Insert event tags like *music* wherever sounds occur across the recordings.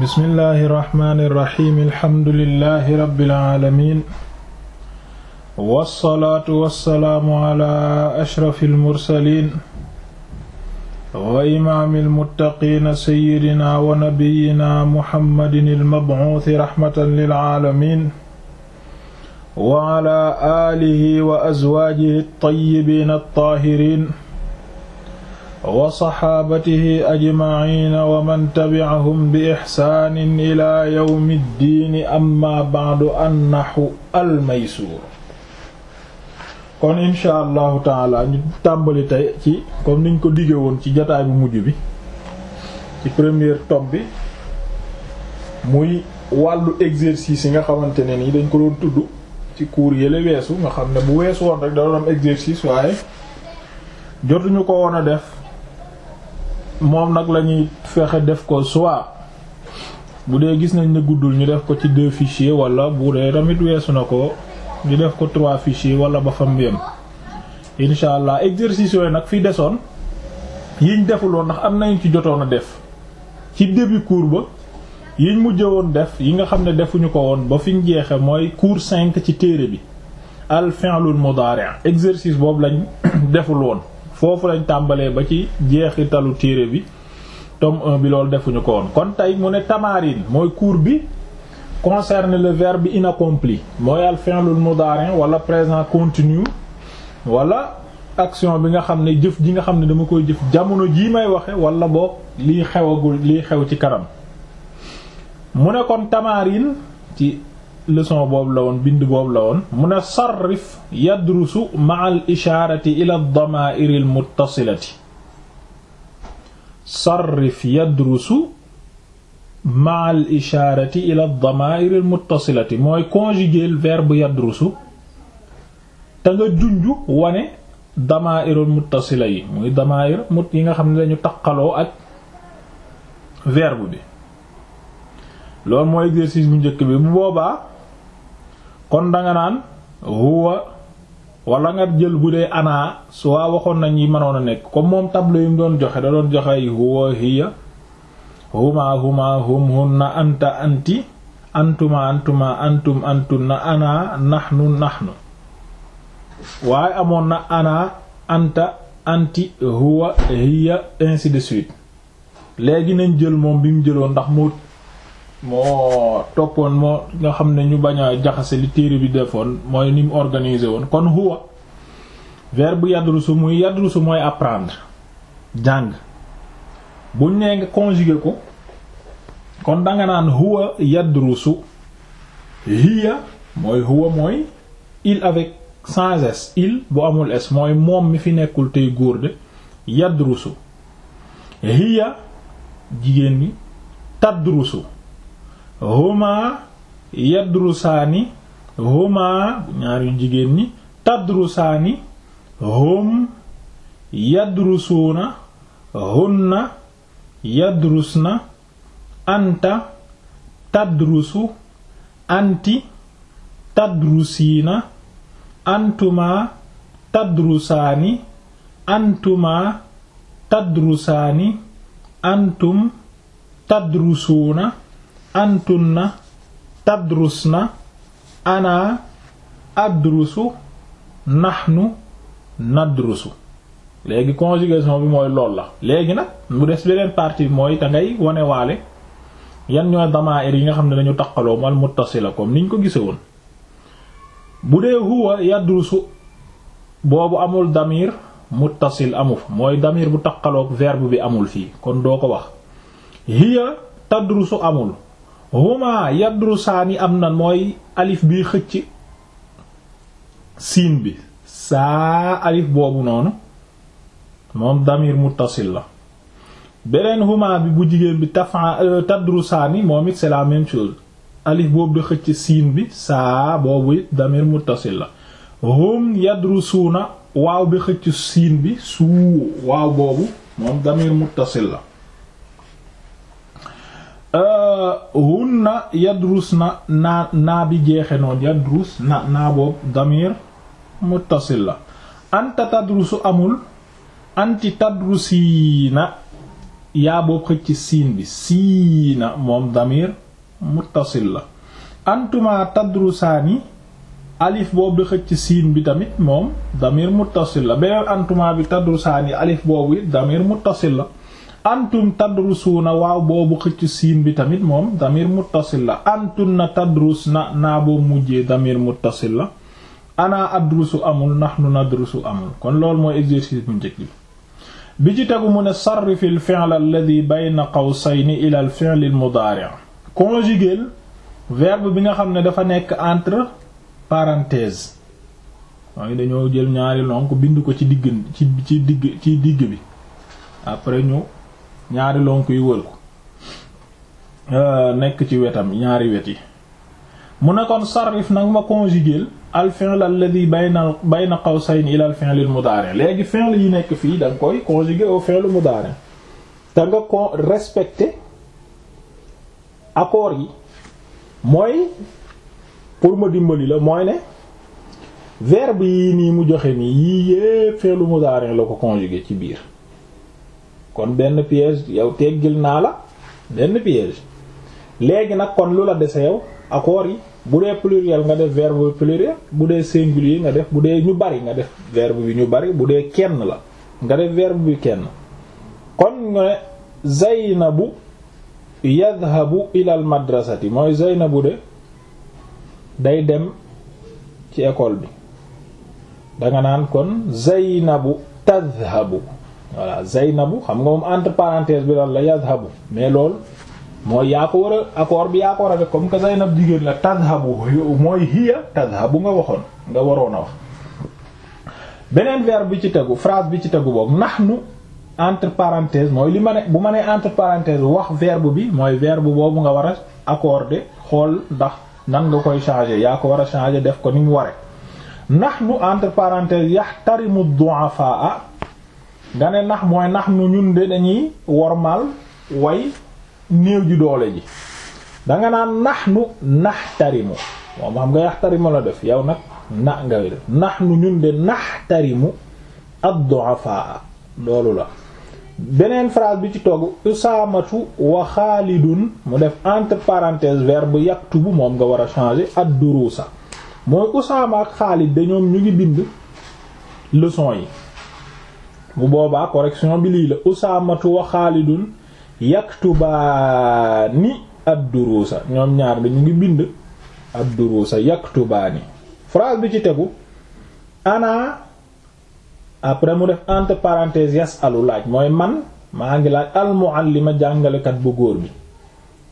bismillahi irrahmani irrahim alhamdulilahi rabbil alamin wassalaatu wassalaamu ala ashrafi almursalin wa imaami almuttaqiina sayyidina wa nabiyina muhammadin almabcuusi raxmatan lilaalamin wa ala aalihi wa azwaajihi altayibiin altaahiriin wa saxaabatihi ajmaciina wa man tabicahum bi ixsaanin ilaa yawmi ddiini amma bacdu annaxu almaysuur kon incha allahu taala ñu tàmbali tey ci comme niñ ko digge woon ci jotaay bu mujj bi ci première tome bi muy wàllu exercice yi nga xamante ne nii dañ ko doon tudd ci cours yële weesu nga xam ne bu weesu woon rek da doon exercice waaye jotuñu ko woon a def moom nag la ñuy fexe def ko soit bu dee gis nañ ne guddul ñu def ko ci deux fichiers wala bu dee tamit weesu na ko ñu def ko trois fichiers wala ba fam yem incha allah exercice yooyu nag fi desoon yiñ defuloon ndax am nañ ci jotoon a def ci début cours ba yiñ mujje woon def yi nga xam ne defuñu ko woon ba fiñ jeexe mooy cours cinq ci téere bi al fi'lul mudari' exercice boobu lañ *coughs* deful woon foofu lañ tàmbalee ba ci jeexitalu téere bi tome 1 bi loolu defuñu ko woon kon tey mu ne tamarin mooy cours bi concerne le verbe inaccompli mooy al fi'lul daarin wala présent continu wala action bi nga xam ne jëf ji nga xam ne dama koy jëf jamono jii may waxe wala boog liy xewagul liy xew ci kanam mu ne kon tamarin ci leçon boobu lawoon bind boobu la mu ne sarrif yadrusu ma'a al ishaarati ila al damaa'iri al muttasilati sarrif yadrusu ma'a al mooy conjuguer verbe yadrusu te nga junj wane damaa'irul muttasila yi nga xam ne dañu taqaloo ak verbe bi loolu mooy exercice bu njëkk bi bu boobaa kon danga naan huwa wala nga jël bu dee anaa soit waxoon nañ yi mënoon a nekk comme moom tableau yi doon joxe da doon joxe ay huwa hiya huma huma hum hunna anta anti antuma antuma antum antunna ana nahnu nahnu waaye amoon na ana anta anti huwa hiya ainsi de jël moom bi mu jëloon ndax moo moo toppoon moo nga xam ne ñu bañ a jaxase li téere bi defoon mooy ni mu organisé woon kon huwa verbe yadrusu muy yadrusu mooy apprendre jàng bu nee nga ko kon danga naan huwa yadrusu hiya mooy huwa mooy il avec sans il bu amul s mooy moom mi fi nekkul tey góor de yadrusu hiya jigéen bi tadrusu huma yadrusaani huma ñaari jigéen ñi tadrusaani hum yadrusuuna hunna yadrusna anta tadrusu anti tadrusiina antuma tadrusaani antuma tadrusaani antum tadrusuuna antunna tadrusna ana adrusu nahnu nadrusu léegi conjugation bi mooy lool la léegi nag mu des beneen partie bi mooy te ngay wane waale yan ñooy damaa'ir yi nga xam ne dañu taqaloo mal muttasila comme niñ ko gise woon bu dee huwa yadrusu boobu amul damir muttasil amuf mooy damir bu taqaloog verbe bi amul fii kon doo ko wax hiya tadrusu amul huma yadrusaani am na mooy alif bi xëcc siin bi saa alif boobu noonu moom damir muttasil la beneen huma bi bu jigéen bi tafa euh, tadrusaani moom it c'est la alif boobu di xëcc siin bi saa boobu damir muttasil la hum yadrusuuna waaw bi xëcc siin bi suu waaw boobu moom damir muttasil la Euh, hunna yadrus na naa naa bi jeexe noonu yadrus na naa boobu damir muttasil la anta tadrusu amul anti tadrusiina yaa boo xëcc siin bi siina moom damir muttasil la antuma tadrusaani alif boobu di xëcc siin bi tamit moom damir muttasil la beneen antuma bi tadrusaani alif boobu it damir muttasil la antum na waaw boobu xëcc siin bi tamit moom damir muttasil la antum na tadrus na naa boo mujjee damir muttasil la ana adrusu amul nahnu nadrusu amul kon lool mooy exercice bu njëkk bi bi ci tegu mu ne sarrifi al fi'l alladhi bayna qawsayni ila al fi'l al mudari' conjuguer verbe bi nga xam ne dafa nekk entre parenthèses waaye dañoo jël ñaari lonk bind ko ci digg ci ci digg ci digg bi après ñu ñaari lonk yi wër ko euh, nekk ci wetam ñaari wet yi mu ne kon sarrif nag ma conjuguer al fi'l alladhi bayna bayna qawsayn ila al fi'l al mudari léegi fi'l yi nekk fii da nga koy conjuguer au fi'l mudari te nga ko respecter accord yi mooy pour ma dimbali la mooy ne verbe yii nii mu joxe nii yii yépp fi'l mudari la ko conjuguer ci biir kon benn piège yow teggil naa la benn piège léegi nag kon lu la dese yow accords yi bu dee pluriel nga def verbe pluriel bu dee singulier nga def bu dee ñu bari nga def verbe bi ñu bari bu dee kenn la nga def verbe bi kenn kon nga ne Zaynabu yadhabu ilal madrasati mooy Zaynabu de day dem ci école bi danga naan kon Zaynabu tadhabu voilà Zeynabu xam nga moom entre bi lan la yadhabu mais loolu mooy yaa ko war a accord bi yaa ko war a def comme que Zeynab jigéen la tadhabu mooy hiya tadhabu nga waxoon nga waroon a beneen verbe bi ci tegu phrase bi ci tegu boog nahnu entre parenthèse mooy li ma bu ma nee entre parenthèse wax verbe bi mooy verbe boobu nga war a accorder xool ndax nan nga koy changer yaa ko war a changer def ko ni mu waree nahnu entre parenthèse yahtarimu du'afa nga ne nax mooy nax nu ñun de dañuy wormal way néew ji doole ji danga naan nax nu nax tarimu moom xam nga yax tarimu la def yow nag na nga def nax nu ñun de nax tarimu ad-du'afa loolu la beneen phrase bi ci togg usaamatu wa xaalidun mu def entre parenthèses verbe bu moom nga war a changer ad-durusa mooy usaama ak xaalid de ñoom ñu ngi bind leçon yi bu boobaa correction bi lii la usaamatu wa xaalidun yaktubaani ad-duruusa ñoom ñaar dañu ngi bind ad-duruusa yaktubaani phrase bi ci tegu ana après mu def entre parenthèses yasalu laaj mooy man maa ngi laaj al-muallima jàngalekat bu góor bi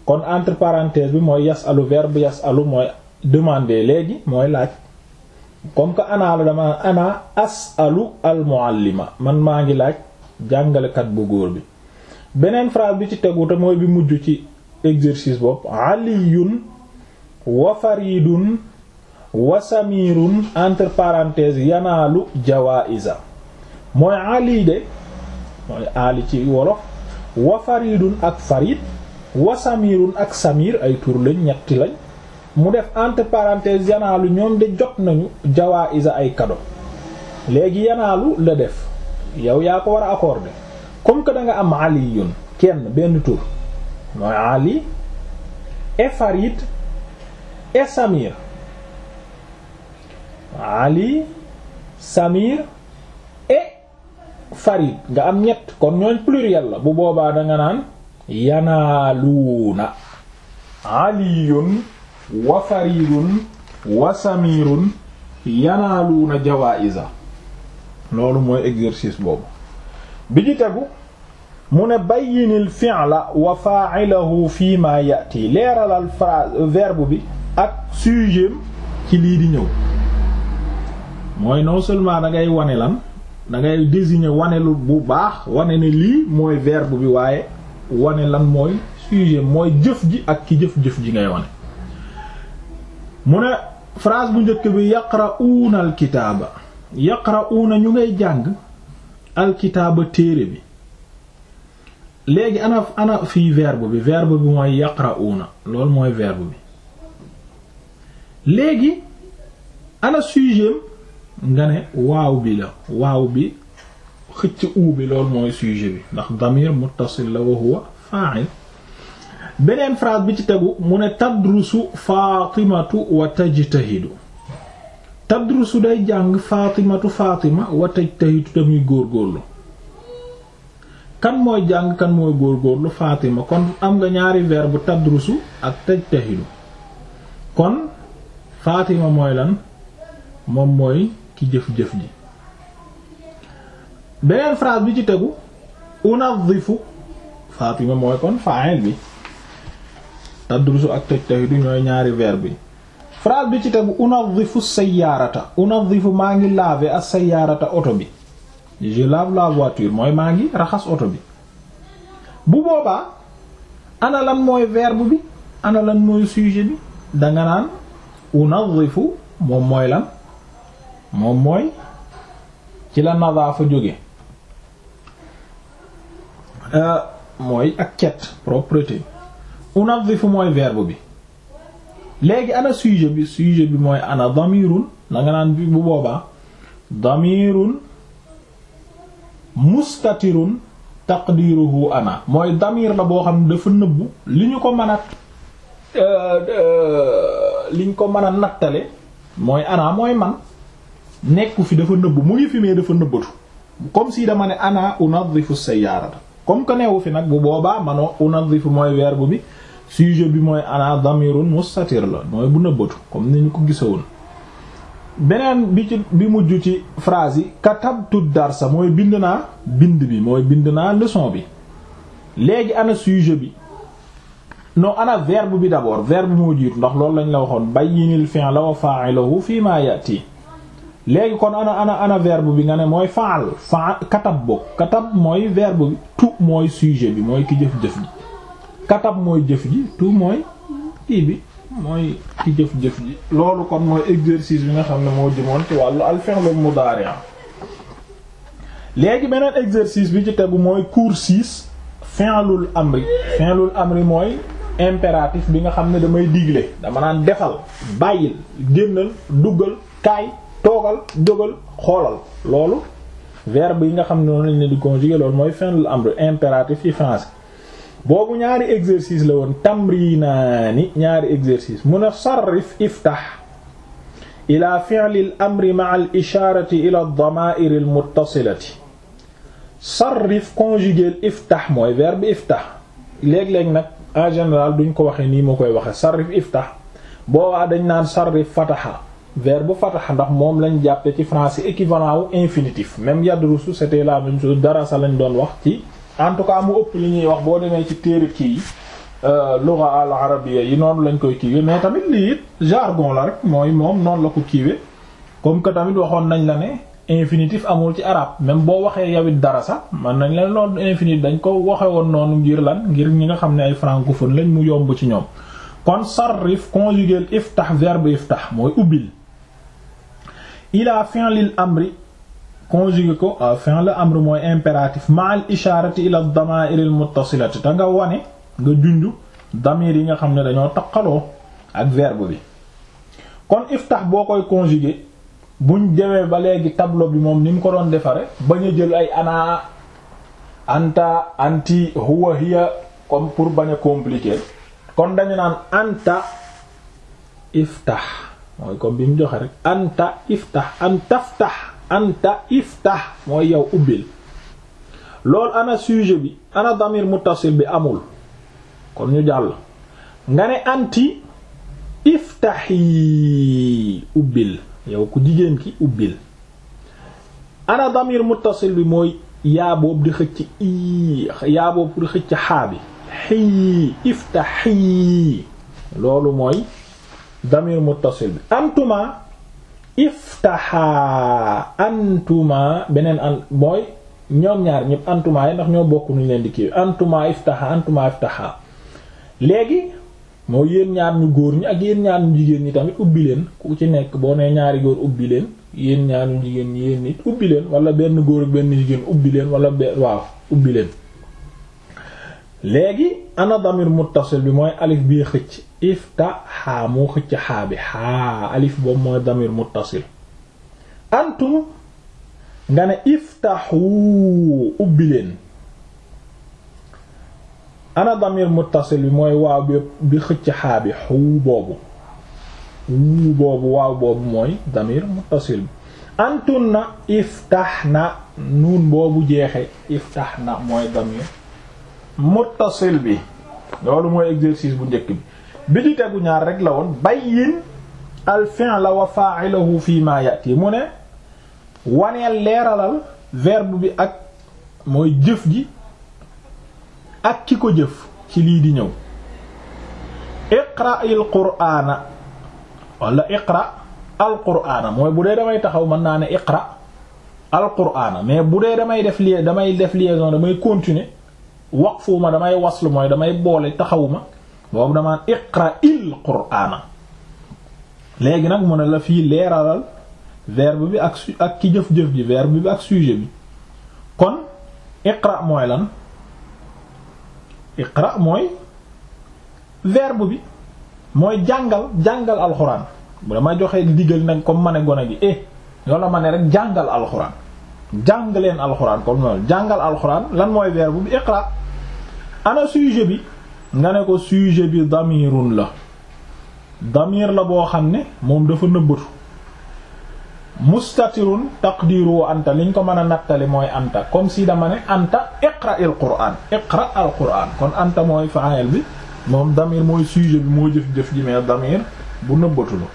kon entre parenthèses bi mooy yasalu verbe yasalu mooy demander léegi mooy laaj comme que ana la dama asalu al muallima man maa ngi laaj jàngalekat bu góor bi beneen phrase bi ci tegu te mooy bi mujj ci exercice bopp aliyun wa faridun wa samirun entre parenthèses yanaalu jawaiza mooy ali de mooy ali ci wolof wa faridun ak farid wa samirun ak samir ay tur lañ ñetti lañ mu def entre parenthèses yanaalu ñoom de jot nañu jawaa isa ay cadeau léegi yanaalu la def yow yaa ko war a accordé comme que danga am am aliyun kenn benn tur mooy ali e farid e samir ali samir e farid nga am ñett kon ñooñ pluriel la bu boobaa da nga naan yanaaluuna aliyun wa faridun wa samirun yanaaluuna loolu mooy exercice boobu bi ci tegu mu ne bayyinil fi'la wa fa'ilahu fi ma ya'ti leeralal phrase verbe bi ak sujet ci lii di ñëw mooy non seulement da ngay wane lan da ngay désigner wane lu bu baax wane ne lii mooy verbe bi waaye wane lan mooy sujet mooy jëf ji ak ki jëf-jëf ji ngay wane mu ne phrase bu njëkk bi yaqra'uuna alkitaaba yaqra'uuna ñu ngay jàng alkitaaba téere bi léegi ana ana fii verbe bi verbe bi mooy yaqra'uuna loolu mooy verbe bi léegi ana sujet nga ne waaw bi la waaw bi xëcc uu loolu mooy sujet bi ndax damir muttasil la wa huwa fa'il beneen phrase bi ci tegu mu ne tadrusu faatimatu wa tajtahidu tadrusu day jàng faatimatu faatima wa tajtahidu damuy góorgóorlu kan mooy jàng kan mooy góorgóorlu faatima kon am nga ñaari weer bu tadrusu ak tajtahidu kon faatima mooy lan moom mooy ki jëf-jëf ji beneen phrase bi ci tegu unadhifu faatima mooy kon fa'il bi tadrusu ak du ñooy ñaari verbe yi phrase bi ci tegu unadhifu sayyarata unadhifu maa ngi laver a sayyarata oto bi je lave la voiture mooy maa ngi raxas oto bi bu boobaa ana lan mooy verbe bi ana lan mooy sujet bi danga naan unadhifu moom mooy lan moom mooy ci la nadaafa jóge euh, mooy ak cet propreté unadhifu mooy verbe bi léegi ana sujet bi sujet bi mooy ana damirun na nga naan bi bu boobaa damirun mustatirun taqdiruhu ana mooy damir la boo xam ne dafa nëbbu li ñu ko mën a euh, euh, li ñu ko mën a nattale mooy ana mooy man nekku fi dafa nëbbu mu ngi fi mais dafa nëbbatu comme si dama ne ana unadhifu sayyarata comme que newu fi nag bu boobaa manoo unadhifu mooy verbe bi sujet bi mooy ana damirun mustatir la mooy bu nëbbatu comme ni ko gisawoon beneen bi ci bi mujj ci phrase yi katabtu darsa mooy bind naa bind bi mooy bind naa leçon bi léegi ana sujet bi non ana verbe bi d'abord verbe moo jiitu ndax loolu lañ la waxoon bayyinil fi'la wa fa'iluhu fii ma yati léegi kon ana ana ana verbe bi nga ne mooy fa'al fa katab boog katab mooy verbe bi tu mooy sujet bi mooy ki jëf-jëf ji katab mooy jëf ji tout mooy kii bi mooy ki jëf-jëf ji loolu kon mooy exercice bi nga xam ne moo jëmoon ci wàllu al fi'l mudari' léegi beneen exercice bi ci tegu mooy cours six fi'lul amri fi'lul amri mooy impératif bi nga xam ne damay digle dama naan defal bàyyil génnal duggal kaay toogal jógal xoolal loolu verbe yi nga xam ne noonu lañ ne di conjuguer loolu mooy fi'lul amri impératif ci france boobu ñaari exercice la woon tamrinaani ñaari exercice mu ne sarrif iftah ila fi'li al-amri ma'a al-isharati ila ad-dama'ir al-muttasilati sarrif conjugué iftah mooy verbe iftah léeg-léeg nag en général duñ ko waxee nii moo koy waxee sarrif iftah boobaa dañ naan sarrif fataha verbe fataha ndax moom lañ jàppe ci français équivalent wu infinitif même yadrusu c'était la même chose darasa lañ doon wax ci en tout cas mu ëpp li ñuy wax boo demee ci téere kii euh, lugha al arabiyya yi noonu lañ koy kiiwe mais tamit lii it jargon la rek mooy moom noonu la ko kiiwe comme que tamit waxoon nañ la ne infinitif amul ci arab même boo waxee yawit dara sax man nañ la noonu infinitif dañ ko waxe woon noonu ngir lan ngir ñi nga xam ne ay francophone lañ mu yomb ci ñoom kon sarrif conjugué iftah verbe iftah mooy ubbil ila fi'lil amri conjugué ko à euh, fin la amr mooy impératif ma al isharati ila ad-dama'ir al-muttasilati te nga wane nga junj damir yi nga xam ne dañoo taqaloo ak verbe bi kon iftax boo koy conjugué buñ demee ba léegi tableau bi moom ni mu ko doon defare bañ a jël ay ana anta anti huwa hiya comme pour bañ a kon dañu naan anta iftah mooy comme bi joxe rek anta iftah an taftah anta iftah mooy yow ubbil loolu ana sujet bi ana damir muttasil bi amul kon ñu jàll nga ne anti iftahi ubbil yow ku jigéen ki ubbil ana damir muttasil bi mooy yaa boobu di xëcc i yaa di xëcc xaabi xii iftahi loolu mooy damir muttasil bi antuma iftaha antuma beneen an mooy ñoom ñaar ñëpp antuma yi ndax ñoo bokku nuñ leen di kii antuma iftaha antuma iftaha léegi moo yéen ñaar ñu góor ñi ak yéen ñaar ñu jigéen ñi tamit ubbi leen ku ci nekk boo nee ñaari góor ubbi leen yéen ñaar ñu jigéen ñi yéen nit ubbi leen wala benn góor ak benn jigéen ubbi leen wala benn waaw ubbi leen léegi ana damir muttasil bi mooy alif bii xëcc iftaha moo xëcc xaa bi xaa alif boobu mooy damir muttasil antum nga ne iftahu bi mooy waaw bi bi xëcc na iftax na nuun boobu jeexe iftax na mooy damir muttasil bi loolu mooy exercice bu njëkk bi bi tegu ñaar rek la woon bayyin al la wa fa'iluhu fi ma yati mu ne waneel leeralal verbe bi ak mooy jëf ji ak ki ko jëf ci lii di ñëw iqra'il qur'ana walla iqra al qur'ana mooy bu dee damay taxaw mën naa ne iqra al qur'ana mais bu dee damay def li damay def liaison damay continuer waqfu ma damay waslu mooy damay boole taxawuma boobu damaan iqra il qur'aana léegi nag mu ne la fii leeralal verbe bi ak su ak ki jëf-jëf ji verbe bi ak sujet bi kon iqra mooy lan iqra mooy verbe bi mooy jàngal jàngal alxuraan bu damay joxe digal nag comme ma ne gone gi eh yow la ma ne rek jàngal alxuraan jàng leen alxuraan comme noonu jàngal alxuraan lan mooy verbe bi iqra ana sujet bi nga ne ko sujet bi damirun la damir la boo xam ne moom dafa nëbbatu mustatirun taqdiru anta liñ ko mën a nattali mooy anta comme si dama ne anta iqra il quraan iqra al quraan kon anta mooy fa'il bi moom damir mooy sujet bi moo jëf jëf ji mais bu nëbbatu la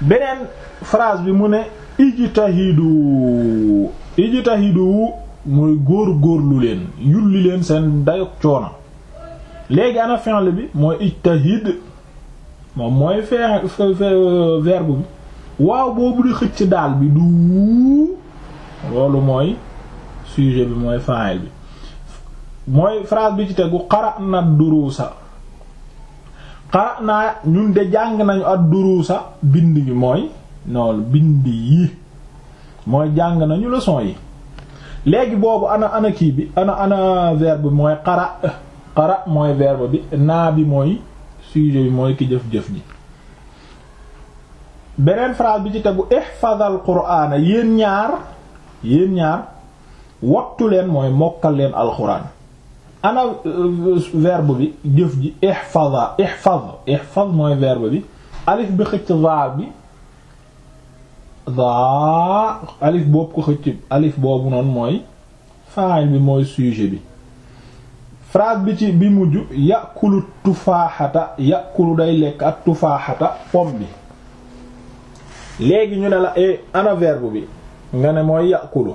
beneen phrase bi mu ne ijtahidu ijtahidu mooy góor góorlu leen yulli leen seen dayog coono léegi ana fi'l bi mooy ijtahid moom mooy fee verbe bi waaw boobu di xëcc daal bi du loolu mooy sujet bi mooy fa'il bi mooy phrase bi ci tegu qara'na ad-durusa qara'na ñun de jàng nañu ad-durusa bind gi mooy noonu bind yi mooy jàng nañu leçon yi léegi boobu ana ana kii bi ana ana verbe bi mooy xara mooy verbe bi naa bi mooy sujet bi mooy ki jëf-jëf ji beneen phrase bi ci tegu ihfazal qur'ana yéen ñaar yéen ñaar wattu leen mooy mokkal leen alquran ana euh, verbe bi jëf ji ihfaza ihfaz ihfaz mooy verbe bi alif bi xëcc za bi daa alif boobu ko xëccëb alif boobu noonu mooy fa'il bi mooy sujet bi phrase bi ci bi mujj yàkkulu tufaaxata yàkkulu day lekk ak tufaaxata pom bi léegi ñu ne la e ana verbe bi nga ne mooy yàkkulu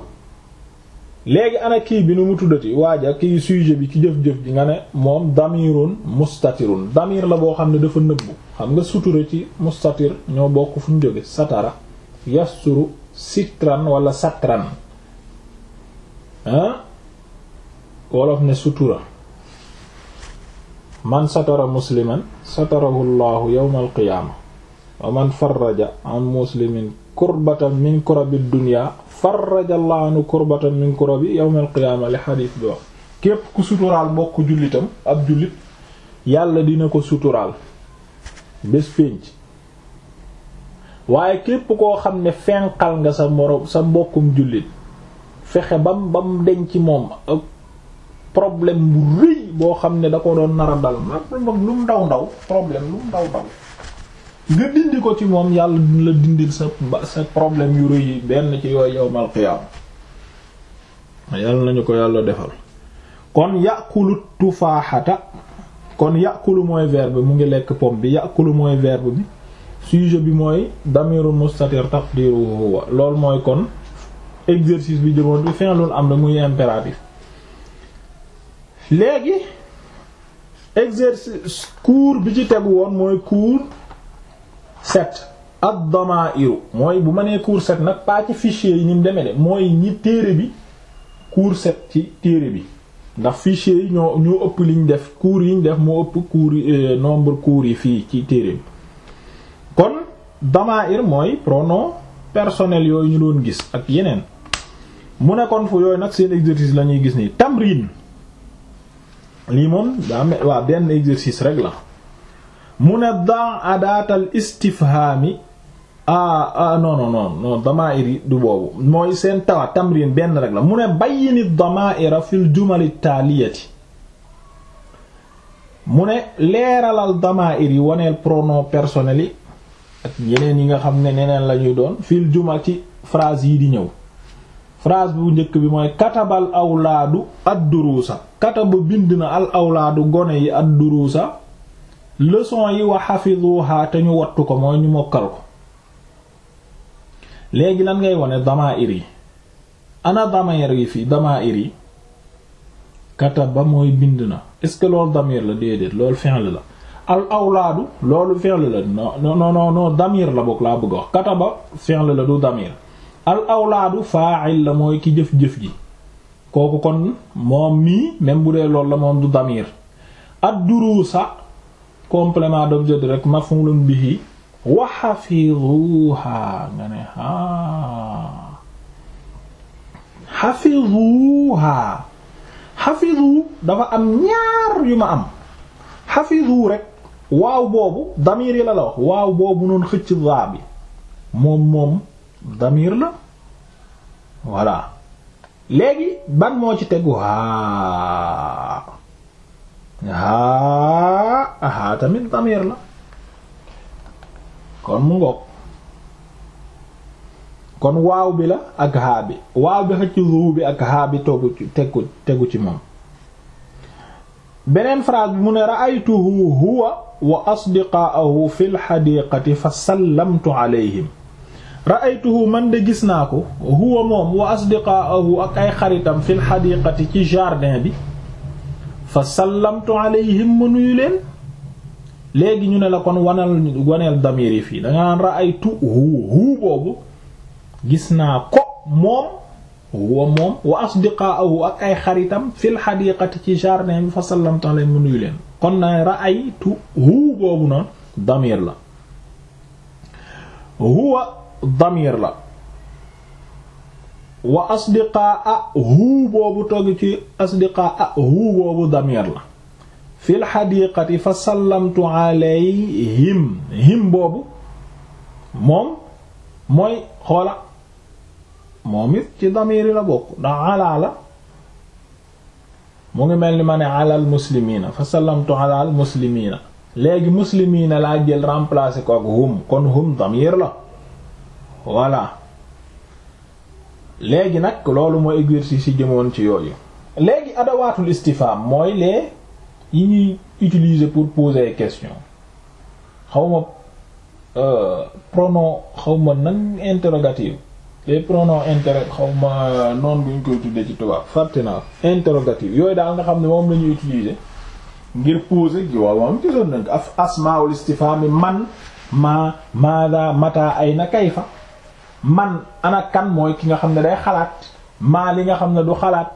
léegi ana kii bi nu mu tuddati waaja kii sujet bi ki jëf-jëf ji nga ne moom damirun mustatirun damir la boo xam ne dafa nëbbu xam nga sutura ci mustatir ñoo bokk fu ñu jóge satara yasturu sitran wala satran ah wolof ne sutura man satara musliman satarahu llahu yawmal wa man farraja an muslimin kurbatan min kurabi dunya farraja llahu anhu kurbatan min kurabi yawmal li xadiis bi wax képp ku suturaal mbokk jullitam ab jullit yàlla dina ko suturaal bés pénc waaye képp koo xam ne fenqal nga sa moroom sa mbokkum jullit fexe bam bam deñ ci moom problème bu rëy boo xam ne da ko doon nar a dal mag mu ndaw ndaw problème lu ndaw ndaw nga dindi ko ci moom yàlla dina la dindil sa sa problème yu rëy yi benn ci yooyu yowmal qiyaama yàlla nañu ko yàlla defal kon yàqulu tufaaxata kon yàqulu mooy verbe mu ngi lekk pom bi yàqulu mooy verbe bi sujet bi mooy damirul mustatir taqdiru huwa loolu mooy kon exercice bi jëmoon bi am na muy impératif léegi exercice cours bi ci tegu woon mooy set ak ad-damaa'iru mooy bu ma nee cours sept nag paa ci fichier yi ni mu demee de mooy ñi téere bi cours set ci téere bi ndax fichier yi ñoo ñoo ëpp liñ def cours yi ñu def moo ëpp cours euh, nombre cours yi fii ci téere bi kon damair mooy pronom personnel yooyu ñu doon gis ak yeneen mu ne kon fu yooyu nag seen exercice la ñuy gis nii tamrin lii moom daa me waa benn exercice rek la mu ne dan adaatal istifhaami ah ah non non non non damair yi du boobu mooy seen tawa tamrin benn rek la mu ne bayyini damaira fil jumali taaliyati mu ne leeralal damair yi waneel pronom personnel yi ak yeneen yi nga xam ne neneen la ñuy doon fil juma ci phrase yi di ñëw phrase bu njëkk bi mooy katabal awlaadu ad-duruusa kataba bind na al awlaadu gone yi ad-duruusa leçon yi wa hafizuha te ñu wattu ko mooy ñu mokkal ko léegi lan ngay wone damaa'ir yi ana damaa'ir yi fii damaa'ir yi kataba mooy bind na est-ce que loolu damir la déedéet loolu fi'l la al awlaadu loolu fi'l la non non non non damir la boog laa bëgg kataba fi'l la du damir al awlaadu faa'il la mooy ki jëf-jëf ji kooku kon moom mii même bu dee loolu la moom du damir ad duruusa complément d'objet direct maf'ulun bihi wa hafizuha nga ne ah hafizuha hafizu dafa am ñaar yu ma am hafizu rek waaw boobu damir yi la la waaw boobu noonu xëcc daa bi moom moom damir la voilà léegi ban moo ci tegu haa haa haa tamit damir la kon mu ngoog kon waaw bi la ak haa bi waaw bi xëcc zuu bi ak haa bi tegu ci moom beneen phrase mu ne ra'aytuhu huwa wa asdiqaahu fi lxadiqati fa sallamtu alayhim ra'aytuhu man de gis naa ko huwa moom wa asdiqaahu ak ay xaritam fi lxadiqati ci jardin bi fa sallamtu alayhim ma nuyu leen léegi ñu ne la kon wanal waneel damir yi fii dangaa naan ra'aytuhu huu boobu gis naa ko moom huwa moom wa asdiqaahu ak ay xaritam fil xadiqati ci jardin bi fa sallamtu alayhi mu nuyu leen kon na ra'aytu hu boobu noonu damir la huwa damir la wa asdiqaahu boobu togg ci asdiqaahu boobu damir la fil xadiqati fa sallamtu alayhim him boobu moom mooy xoola moom it ci damiri la bokk ndax alaa la mu ngi mel ni ma ne alal muslimiina fa sallamtu alal muslimiina léegi muslimiina laa jël remplacer ko ak hum kon hum damir la voilà léegi nag loolu mooy exercice yi jëmoon ci yooyu léegi adawaatul istifham mooy lee yi ñuy utiliser pour poser question xawma euh, pronom xawma nan interrogative les pronoms inter xaw ma noonu bu ñu koy yooyu daal nga xam ne moom la ñuy utiliser ngir poser gi waaw moom gisoon nañ ko af asmaul istifham man maa maada ay ayna kayfa man ana kan mooy ki nga xam ne day xalaat ma li nga xam ne du xalaat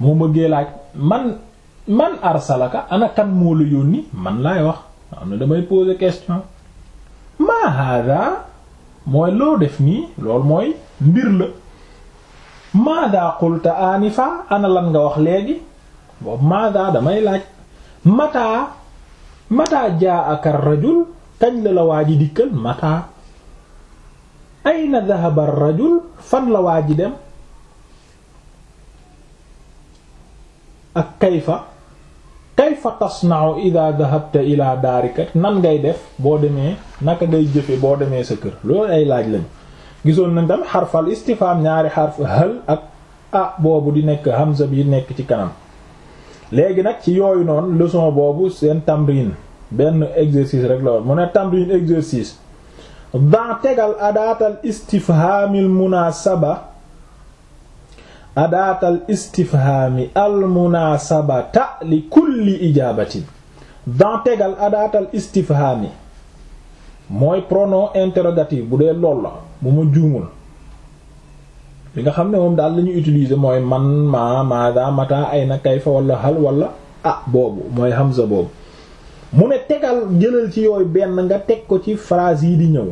moo bëggee laaj man man arsalaka ana moo la yónni man laay wax am na damay poser question maa hada mooy loo def nii loolu mooy mbir la maada qulta anifa ana nga wax léegi boobu maada damay laaj mataa mataa jaa aka rajul kañ la la waa ji dikkal mataa ayna dhahaba rajul fan la waa ji dem ak kayfa kayfa tasna'u idha dhahabta ila daarika nan ngay def boo demee naka ngay jëfe boo demee sa kër loolu ay laaj lañ gisoon nañ tam xarfal istifham ñaari xarf hal ak a boobu di nekk hamza bi nekk ci kanam léegi nag ci yooyu noonu leçon boobu seen tamrin benn exercice rek la woon mu ne tamrin exercice da tegal adaatal istifhaamil munaasaba adaatal istifhaami al munaasabata li kulli ijaabatin da tegal adaatal istifhaami mooy pronom interrogatif bu dee lool la bu ma juumul li nga xam ne moom daal la utilise mooy man ma maada mata ay na kayfa wala hal wala ah boobu mooy hamza boobu mu ne tegal jëlal ci yooyu benn nga teg ko ci phrase yi di ñëw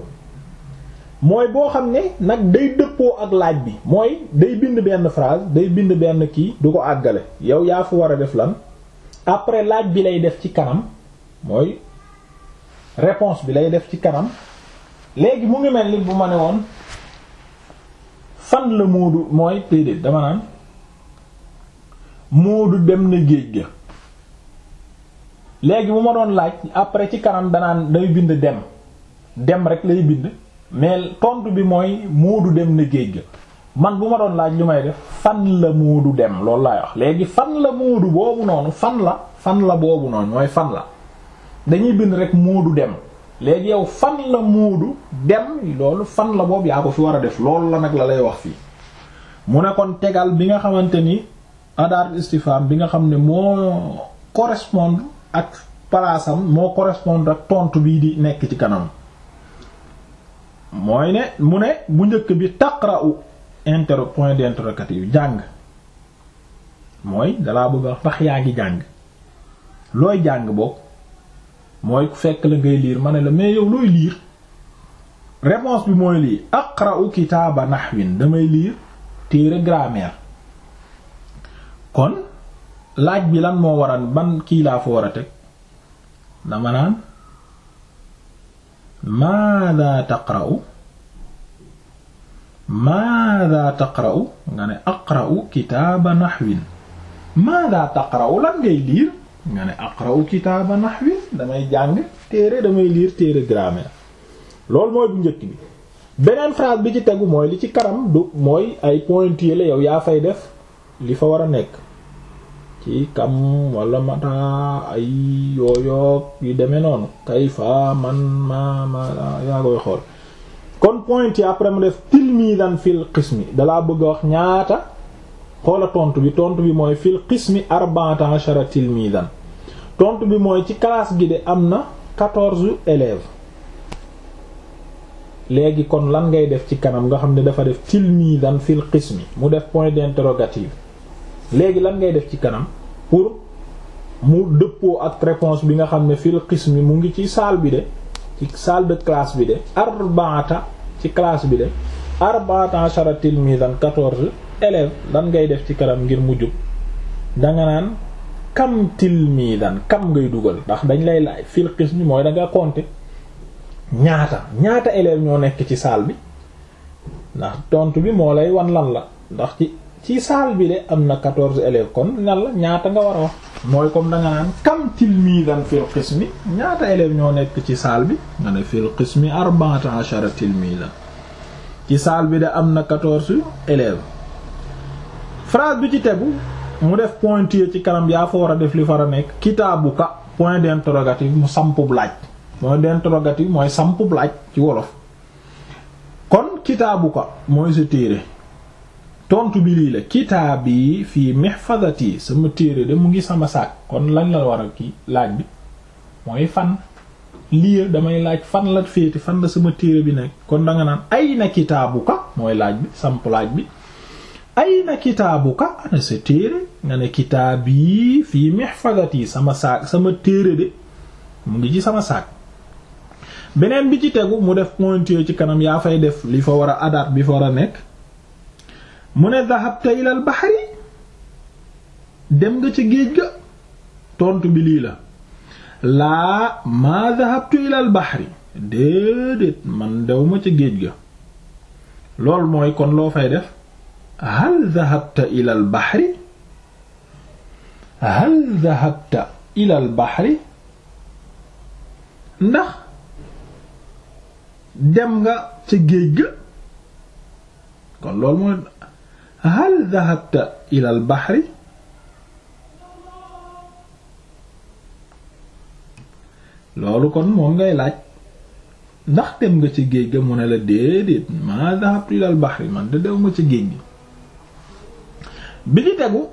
mooy boo xam ne nag day dëppoo ak laaj bi mooy day bind benn phrase day bind benn kii du ko àggale yow yaa fi war a def lan après laaj bi lay def ci kanam mooy réponse bi lay def ci kanam léegi mu ngi mel ni bu ma ne woon fan la Moodu mooy déedéet dama naan Moodu dem na géej ga léegi bu ma doon laaj après ci kanam danaan day bind dem dem rek lay bind mais tontu bi mooy muudu dem na géej ga man bu ma doon laaj li may def fan la Moodu dem loolu laay wax léegi fan la Moodu boobu noonu fan la fan la boobu noonu mooy fan la dañuy bind rek muudu dem. léegi yow fan la muudu dem loolu fan la boobu yaa ko fi war a def loolu la nag la lay wax fii mu ne kon tegal bi nga xamante ni adaar istifham bi nga xam ne moo correspondre ak palaasam moo correspondre ak tontu bii di nekk ci kanam mooy ne mu ne bu njëkk bi takk taqra'u inter point d'interrogatif jàng mooy dalaa bëgg a wax yaa ngi jàng looy jàng bokk mooy fekk la ngay liir ma ne la mais yow looy liir réponse bi mooy lii aqra'u kitaaba nahwin damay liir téere grammaire kon laaj bi lan moo waran ban kii laa fa war a teg dama naan maada taqra'u maada taqra'u nga ne aqra'u kitaaba nahwin maada taqra'u lan ngay liir nga ne aqra'u kitaaba wi damay jàng téere damay liir téere grammaire loolu mooy bu njëkk bi beneen phrase bi ci tegu mooy li ci kanam du mooy ay pointillés la yow yaa fay def li fa war a nekk ci kam wala mata ay yooyoog yu demee noonu kayfa man ma ma yaa koy xool kon point yi après mu def tilmidan fil dalaa bëgg a wax ñaata xoola tontu bi tontu bi mooy fil qismi arba'ata ashara tilmidan tontu bi mooy ci classe gi de am na quatorze élèves léegi kon lan ngay def ci kanam nga xam ne dafa def tilmidan fil qismi mu def point d'interrogative léegi lan ngay def ci kanam pour mu dëppoo ak réponse bi nga xam ne fil mi mu ngi ci salle bi de ci salle de classe bi de arba'ata ci classe bi de arba'ata ashara tilmidan quatorze élève lan ngay def ci kanam ngir mu jub danga naan kam tilmidan kam ngay dugal ndax dañ lay laaj fil qismi mooy da nga ñaata ñaata élève ñoo nekk ci saal bi ndax tontu bi moo lay wan lan la ndax ci ci saal bi de am na quatorze élèves lan la ñaata nga war a mooy comme da nga naan kam tilmidan fil qismi ñaata élèves ñoo nekk ci saal bi nga ne fil qismi arba'ata ashara tilmidan ci saal bi de am na quatorze élèves phrase bi ci tegu mu def pointillé ci kanam yaa fa war a def li a nekk kitaabuka point d'interrogatif mu sampub laaj point d'interrogatif mooy sampub laaj ci wolof kon kitaabuka mooy sa téere tontu bi lii la kitaab yi fii mihfazati sama téere de mu ngi sama saak kon lan la war a kii laaj bi mooy fan lii damay laaj fan la féete fan la sama téere bi nekk kon danga naan ay na ka mooy laaj bi samp laaj bi ayna kitaabuka ana sa téere nga ne kitaab yii fii mihfazati sama saak sama téere de mu ngi ci sama saak beneen bi ci tegu mu def pointure ci kanam yaa fay def li fa war a adaat bi fa war a nekk mu ne dhahabta ilal bahri dem nga ca géej ga tontu bi lii la laa maa dhahabtu ilal bahri man dew ma ca géej ga loolu mooy kon loo fay def hal dhahabta ila al bahri ndax dem nga ca géej ga kon loolu mooy hal dhahabta ila al bahri loolu kon moom ngay laaj ndax dem nga ci géej ga mu ne la déedéet ma dhahabtu ila al bahri man de dem nga ci géej gi bi ci tegu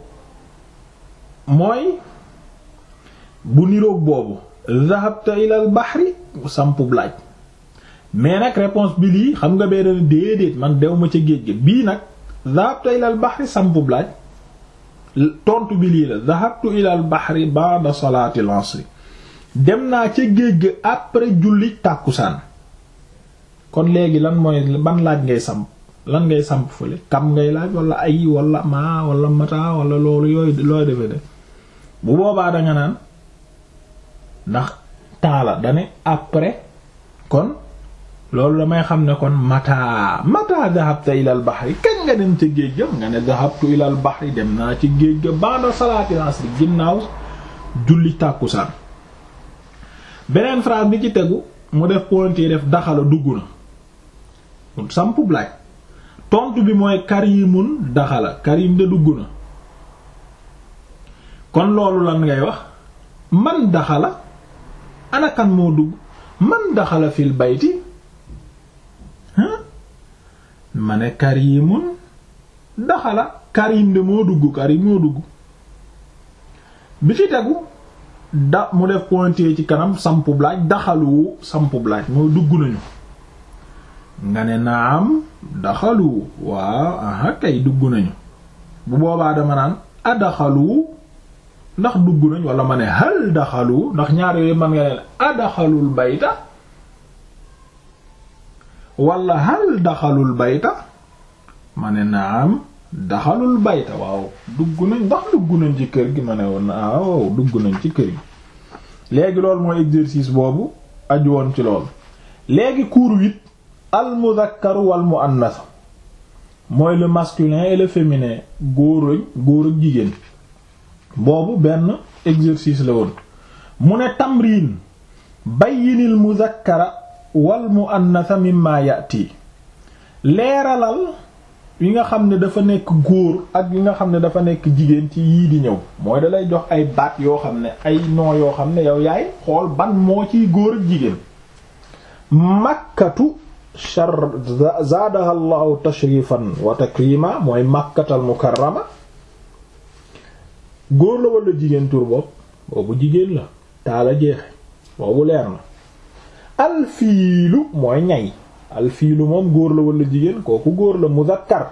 mooy bu niroog boobu zahabta ilal bahri sampub laaj mais nag réponse bi lii xam nga bee dana déedéet man dew ma ca géej gi bii nag zahabta ilal bahri sampub laaj tontu bi lii la zahabtu ilal bahri ba'da salati al dem naa ca géej gi après julli tàkkusaan kon léegi lan mooy ban laaj ngay samp lan ngay samp fële kam ngay laaj wala ay wala ma wala mata wala loolu yooyu looy defe de bu boobaa danga naan ndax taala dane après kon loolu damay xam ne kon mata mata dahabta ilal bahri kañ nga dem ca géej ga nga ne dahabtu ilal bahri dem naa ci géej ga ba'da salaatil asr ginnaaw julli tàkkusaan beneen phrase bi ci tegu mu def pointé def daxala dugg na samp blaaj tontu bi mooy yi karimun daxala karim de dugg na kon loolu lan ngay wax man daxala anakan moo dugg man daxala fil bayti ma ne karimun daxala karim de moo dugg karim moo dugg bi ci tegu da mu def pointé ci kanam sampub laaj daxalu sampub laaj mooy dugg nañu nga ne naam daxalu waaw aha kay dugg nañu bu boobaa dama naan adaxalu ndax dugg nañ wala ma ne hal daxalu ndax ñaar yooyu man nga ne adaxalul bayta wala hal daxalul bayta ma naam daxalul bayta waaw dugg nañ ndax dugg nañ ci kër gi ma ne woon waaw dugg nañ ci kër gi léegi loolu mooy exercice boobu aj woon ci loolu léegi cours huit al mudhakkaru wal muannath mooy le masculin et le féminin góor ak góor ak jigéen boobu benn exercice la woon mu ne tamrin bayyinil mudhakkara wal muannath mimma yati leeralal yi nga xam ne dafa nekk góor ak yi nga xam ne dafa nekk jigéen ci yii di ñëw mooy dalay lay jox ay baat yoo xam ne ay noo yoo xam ne yow yaay xool ban moo ciy góor ak jigéen makkatu char zaadaha llahu tashrifan wa takrima mooy màkkatal mukarrama góor la wala jigéen tur boobu jigéen la taala jeexe boobu leer na alfiilu mooy ñay alfiilu moom góor la wala jigéen kooku góor la muzakkar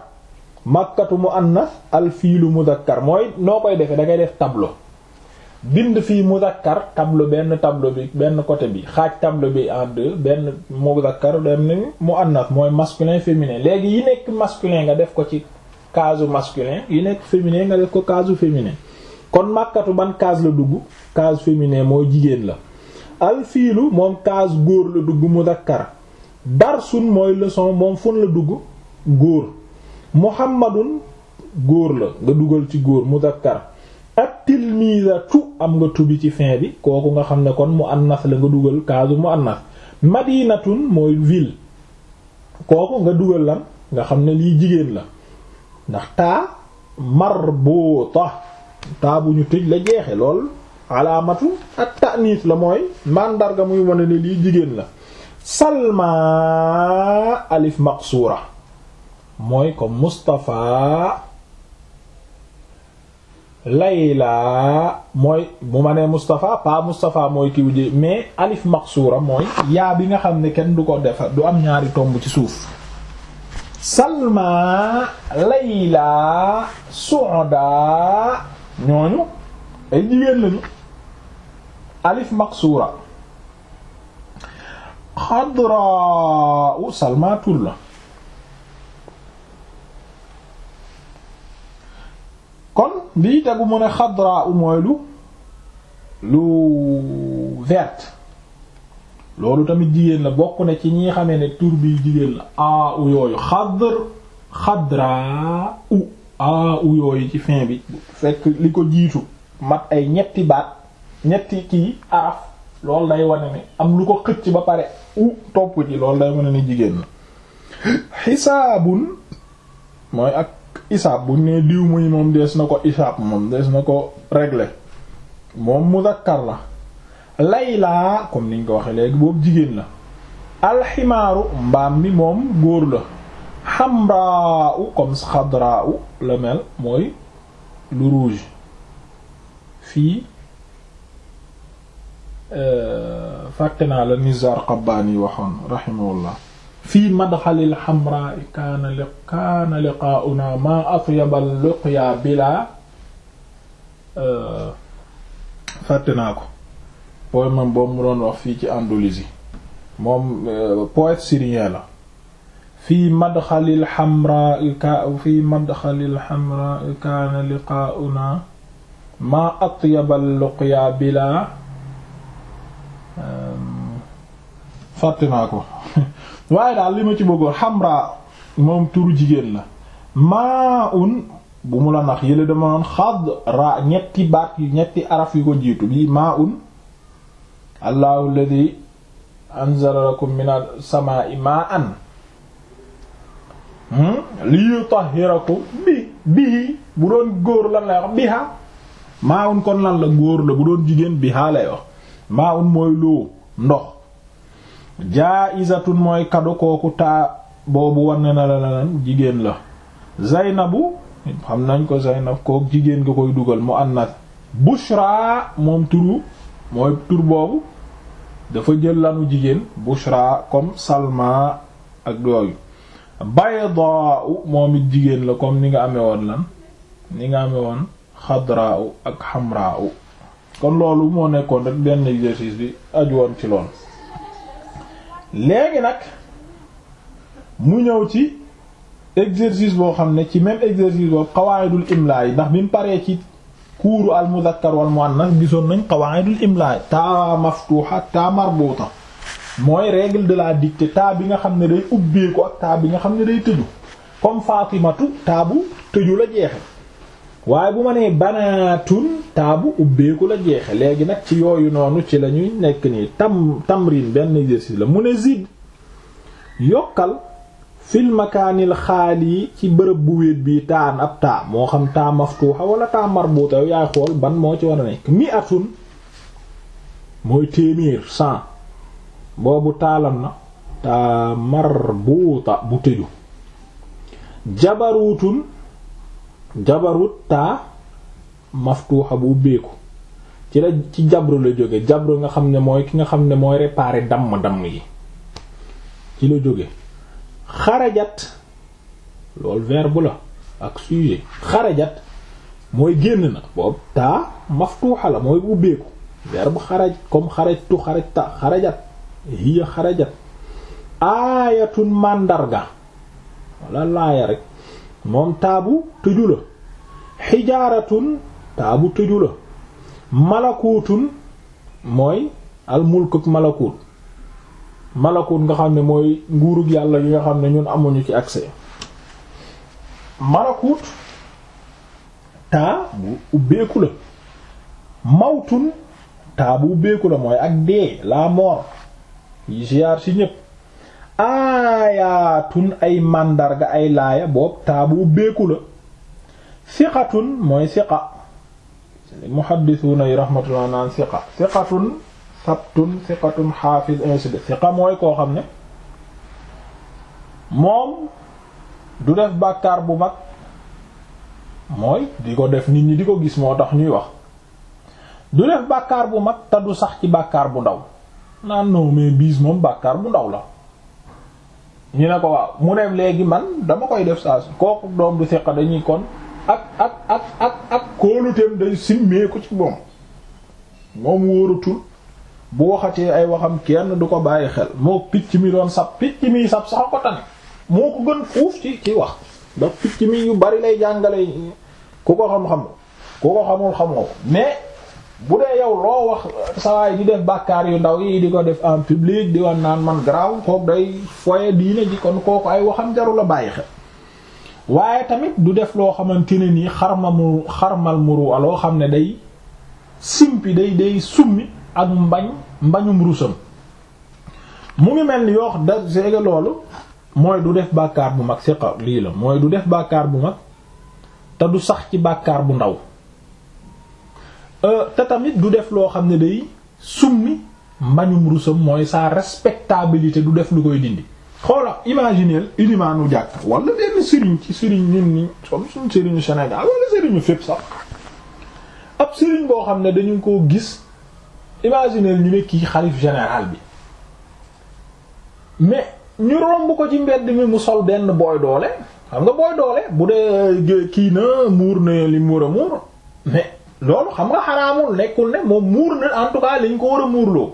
màkkatu muannas alfiilu muzakkar mooy noo koy defe dangay def tablo bind fii muzakkar tableau benn tableau bi benn côté bi xaaj tableau bi en deux benn muzakkar mu muannas mooy masculin féminin léegi yi nekk masculin nga def ko ci casu masculin yi nekk féminin nga def ko casu féminin kon màkkatu ban case la dugg case féminin mooy jigéen la alfiilu moom case góor la dugg muzakkar darsun mooy leçon moom fun la dugg góor muhammadun góor la nga dugal ci góor muzakkar at-tilmizatu am nga tubi ci fin bi kooku nga xam ne kon muannas la nga dugal kaasu muannas madinatun mooy ville kooku nga dugal lan nga xam ne lii jigéen la ndax taa marbuta taa bu ñu tëj la jeexe lool alaamatu ak ta'nis la mooy màndarga muy wane ne lii jigéen la salma alif maqsura mooy comme Mustafa Layla mooy bu ma nee Moustapha pa mooy kiw mais alif maqsuura mooy yaa bi nga xam ne kenn du ko defar du am ñaari tomb ci suuf Salma Layla Suuda ñooñu ay jigéen lañu alif maqsuura xadra Salma tur la kon lii tegu mu ne xadra u mooy lu lu vert loolu tamit jigéen la bokk na ci ñi xamee ne tur bi jigéen la aa u yooyu xadr xadra u aa u yooyu ci fin bi fekk li ko jiitu mat ay ñetti baat ñetti kii araf loolu day wane ne am lu ko xëcc ba pare u topp ci loolu day wane ne jigéen la xisaabun mooy ak isaab bu ne diw muy moom dees na ko isaab moom dees na ko régler moom muzakkar la laylaa comme niñ ko waxee léegi boobu jigéen la alximaaru mbaam mi moom góor la xamraa u xadraa la mel mooy lu rouge fii euh, fàtte naa la nizar qabbaani waxoon raximahullah fii madxalil xamraa kaana li kaana liqaauna maa atyabal luqyaa bilaa euh, fàtte naa ko poème moom boobu mu doon wax fii ci Andalousie moom euh, poète syrien la fii madxalil xamraa fii madxalil *laughs* waaye daal li ma ci bëggoon xamra moom turu jigéen la maa un bu mu la nax yële dama noon xad ra ñetti baat yu ñetti araf yu ko jiitu bii maa un allahu alladi anzala lakum min as-samaa'i maa'an hmm, li yutahhirakum bi bihi bu doon góor lan la wax biha maa un kon lan la góor la bu doon jigéen biha lay wax maa un mooy loo ndox jaa'izatun mooy kado kooku taa boobu wane na la lan jigéen la zaynabu xam nañ ko zaynab kook jigéen nga koy dugal mu annas bushra moom turu mooy tur boobu dafa jël lanu jigéen bushra comme salma ak yooyu bayda moom it jigéen la comme ni nga amee woon lan ni nga amee woon xadra ak xamra kon loolu moo nekkoon rek benn exercice bi aju woon ci lool léegi nag mu ñëw ci exercice boo xam ne ci même exercice boobu qawaidul imla yi ndax bi mu paree ci kuuru al muzakkar wal muannas gisoon nañ qawaidul imla yi taa maftuha taa marbuta mooy règle de la dictée taa bi nga xam ne day ubbeeku ak taa bi nga xam ne day tëju comme fatimatu taa bu tëju la jeexe waaye bu ma nee banaatun taabu ubbeeku la jeexe léegi nag ci yooyu noonu ci lañuy nekk nii tam tamrin benn exercice la mu ne zid yokkal fil makaanil xaali ci bërëb bu wéet bi taan ab taa moo xam taa maftuuxa wala taa marbuuta yaay xool ban moo ci war a nekk mi atun mooy téeméer cent boobu taalam na taa marbuuta bu tëju jabaruutun jabarut taa maftuuxa bu ubbeeku ci la ci jabru la jóge jabru nga xam ne mooy ki nga xam ne mooy réparer damm-damm yi ci la jóge xarajat loolu verbe la ak sujet xarajat mooy génn na boobu taa maftuuxa la mooy bu ubbeeku verbe xaraj comme xarajtu xarajta xarajat hiya xarajat aayatun màndarga wala laaya rek moom taabu tëju la xijaaratun taabu tëju la malakuutun mooy al mulk ak malakuut nga xam ne mooy nguurug yàlla yi nga xam ne ñun amuñu ci accès malakuut taa bu ubbeeku la mawtun taa bu ubbeeku la mooy ak dee la mort yi ziar ci ñépp aayaatun ay màndarga ay laaya boobu taabu ubbeeku la siqatun mooy siqa muhaddisuuna yi rahmatullah naan siqa siqatun sabtun siqatun xaafiz ainsi siqa mooy koo xam ne moom du def bàkkaar bu mag mooy di ko def nit ñi di ko gis moo tax ñuy wax du def bàkkaar bu mag te du sax ci bàkkaar bu ndaw naan non mais biis moom bàkkaar bu ndaw la ñu ne ko waaw mu ne léegi man dama koy def saa su kooku doom du seqa dañuy kon ak ak ak ak ak kóoluteem day simmee ci moom moom wóorutul bu waxatee ay waxam kenn du ko bàyyi xel moo picc mi doon sab picc mi sab sax ko tane moo ko gën fuuf ci ci wax ndax picc mi yu bari lay jàngale ku ko xam-xam ku ko xamul xamoo mais bu dee yow loo wax sawaay di def bàkkaar yu ndaw yi di ko def en public di wan naan man garaaw kooku day foye diine ji kon kooku ay waxam jarul a bàyyi xel waaye tamit du def loo xamante ne nii xarma mu xarmal muru xam ne day simpi day day summi ak mbañ mbañum rusam mu ngi mel ni yoo xam da seega loolu mooy du def bàkkaar bu mag siqa lii la mooy du def bàkkaar bu mag te du sax ci bàkkaar bu ndaw Euh, te tamit du def loo xam ne day summi mbañum rusam mooy sa respectabilité du def lu koy dindi xoola imagineel ilimaanu jàkk wala benn sëriñ ci sëriñ ñun ni som suñ sëriñu Sénégal wala sëriñu fépp sax ab sëriñ boo xam ne dañu ko gis imagineel ñu ne kii xalif général bi mais ñu romb ko ci mbedd mi mu sol benn booy doole xam nga booy doole bu dee kii na muur na li muur a muur mais loolu xam nga xaraamul nekkul ne moom muur na en tout cas liñ ko war a muurloo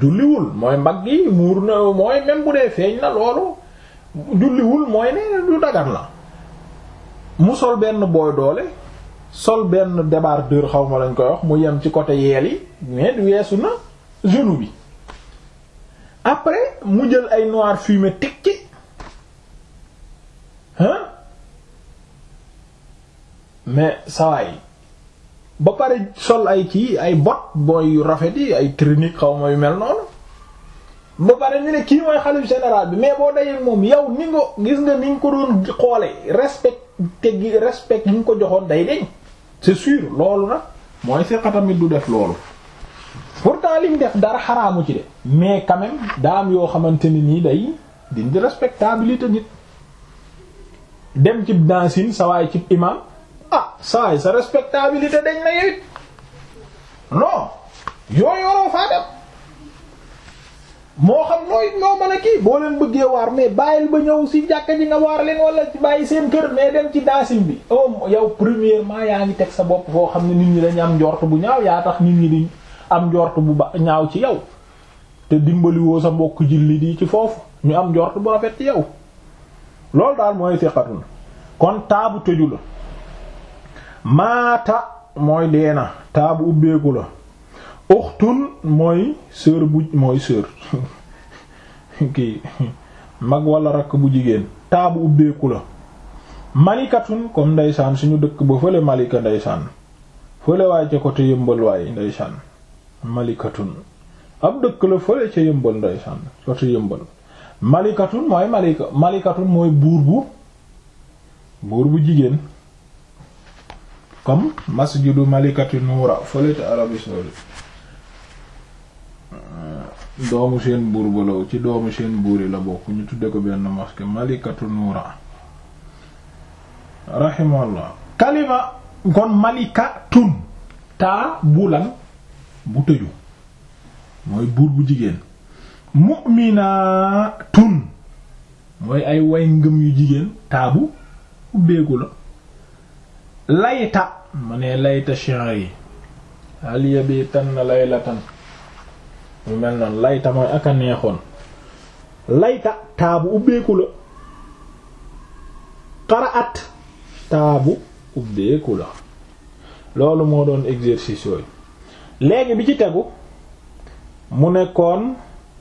julliwul mooy mbagg yi muur na mooy même bu dee feeñ na loolu julliwul mooy ne du dagan la mu sol benn booy doole sol benn débardeur xaw ma lañ koy wax mu yem ci côté yeel yi mais weesu na genou bi après mu jël ay noir fumé teg ci hein mais sawaay ba pare sol ay kii ay bot booy rafet yi ay tunique xaw ma yu mel noonu ba pare ñu ne kii mooy xalif général bi mais boo dayee moom yow ni nga gis nga ni nga ko doon xoolee respect te gi respect yi nga ko joxoon day deñ c'est sûr loolu na mooy siqa du def loolu pourtant liñ def dara xaraamu ci de mais quand daa am yoo xamante ni nii day dindi respectabilité nit dem cib dancine sawaay cib imam ah saa yi sa respectabilité dañ na yit non yooyu waroo faa dem moo xam nooy noo mën a kii boo leen bëggee waar mais bàyyil ba ñëw si jàkka ji nga waar leen wala ci bàyyi seen kër mais dem ci daasim bi oh yow premièrement yaa ngi teg sa bopp foo xam ne nit ñi dañu am njort bu ñaaw yaa tax nit ñi di am njort bu ba ñaaw ci yow te dimbaliwoo sa ji julli di ci foofu ñu am njort bu rafet ci yow loolu daal mooy feqatun kon taabu tëju la maata mooy dee na taabu ubbeeku la uxtun mooy sœur bu *laughs* mag wala rakk bu jigéen taabu ubbeeku la malikatun comme ndeysaan suñu dëkk ba fële malika ndeysaan fële waaye ca côté yëmbal waaye ndeysaan malikatun ab dëkk la fële ca yëmbal ndeysaan côté yëmbal malikatun mooy malika malikatun mooy buur bu buur bu jigéen comme masjidu malikati nuura fële ca Arabie euh, doomu seen buur balaw ci doomu seen buur la bokk ñu tudde ko benn mosquée malikatu nuura rahimallah kalima kon malika tun taa bulan bu tëju mooy buur bu jigéen mu'mina tun mooy ay way ngëm yu jigéen taabu ubbeeku la layta mu ne layta chien yi aliya bi tan na laylatan mu mel noonu layta mooy ak neexoon layta taabu ubbeeku la qaraat taabu ubbeeku la loolu moo doon exercice yooyu léegi bi ci tegu mu nekkoon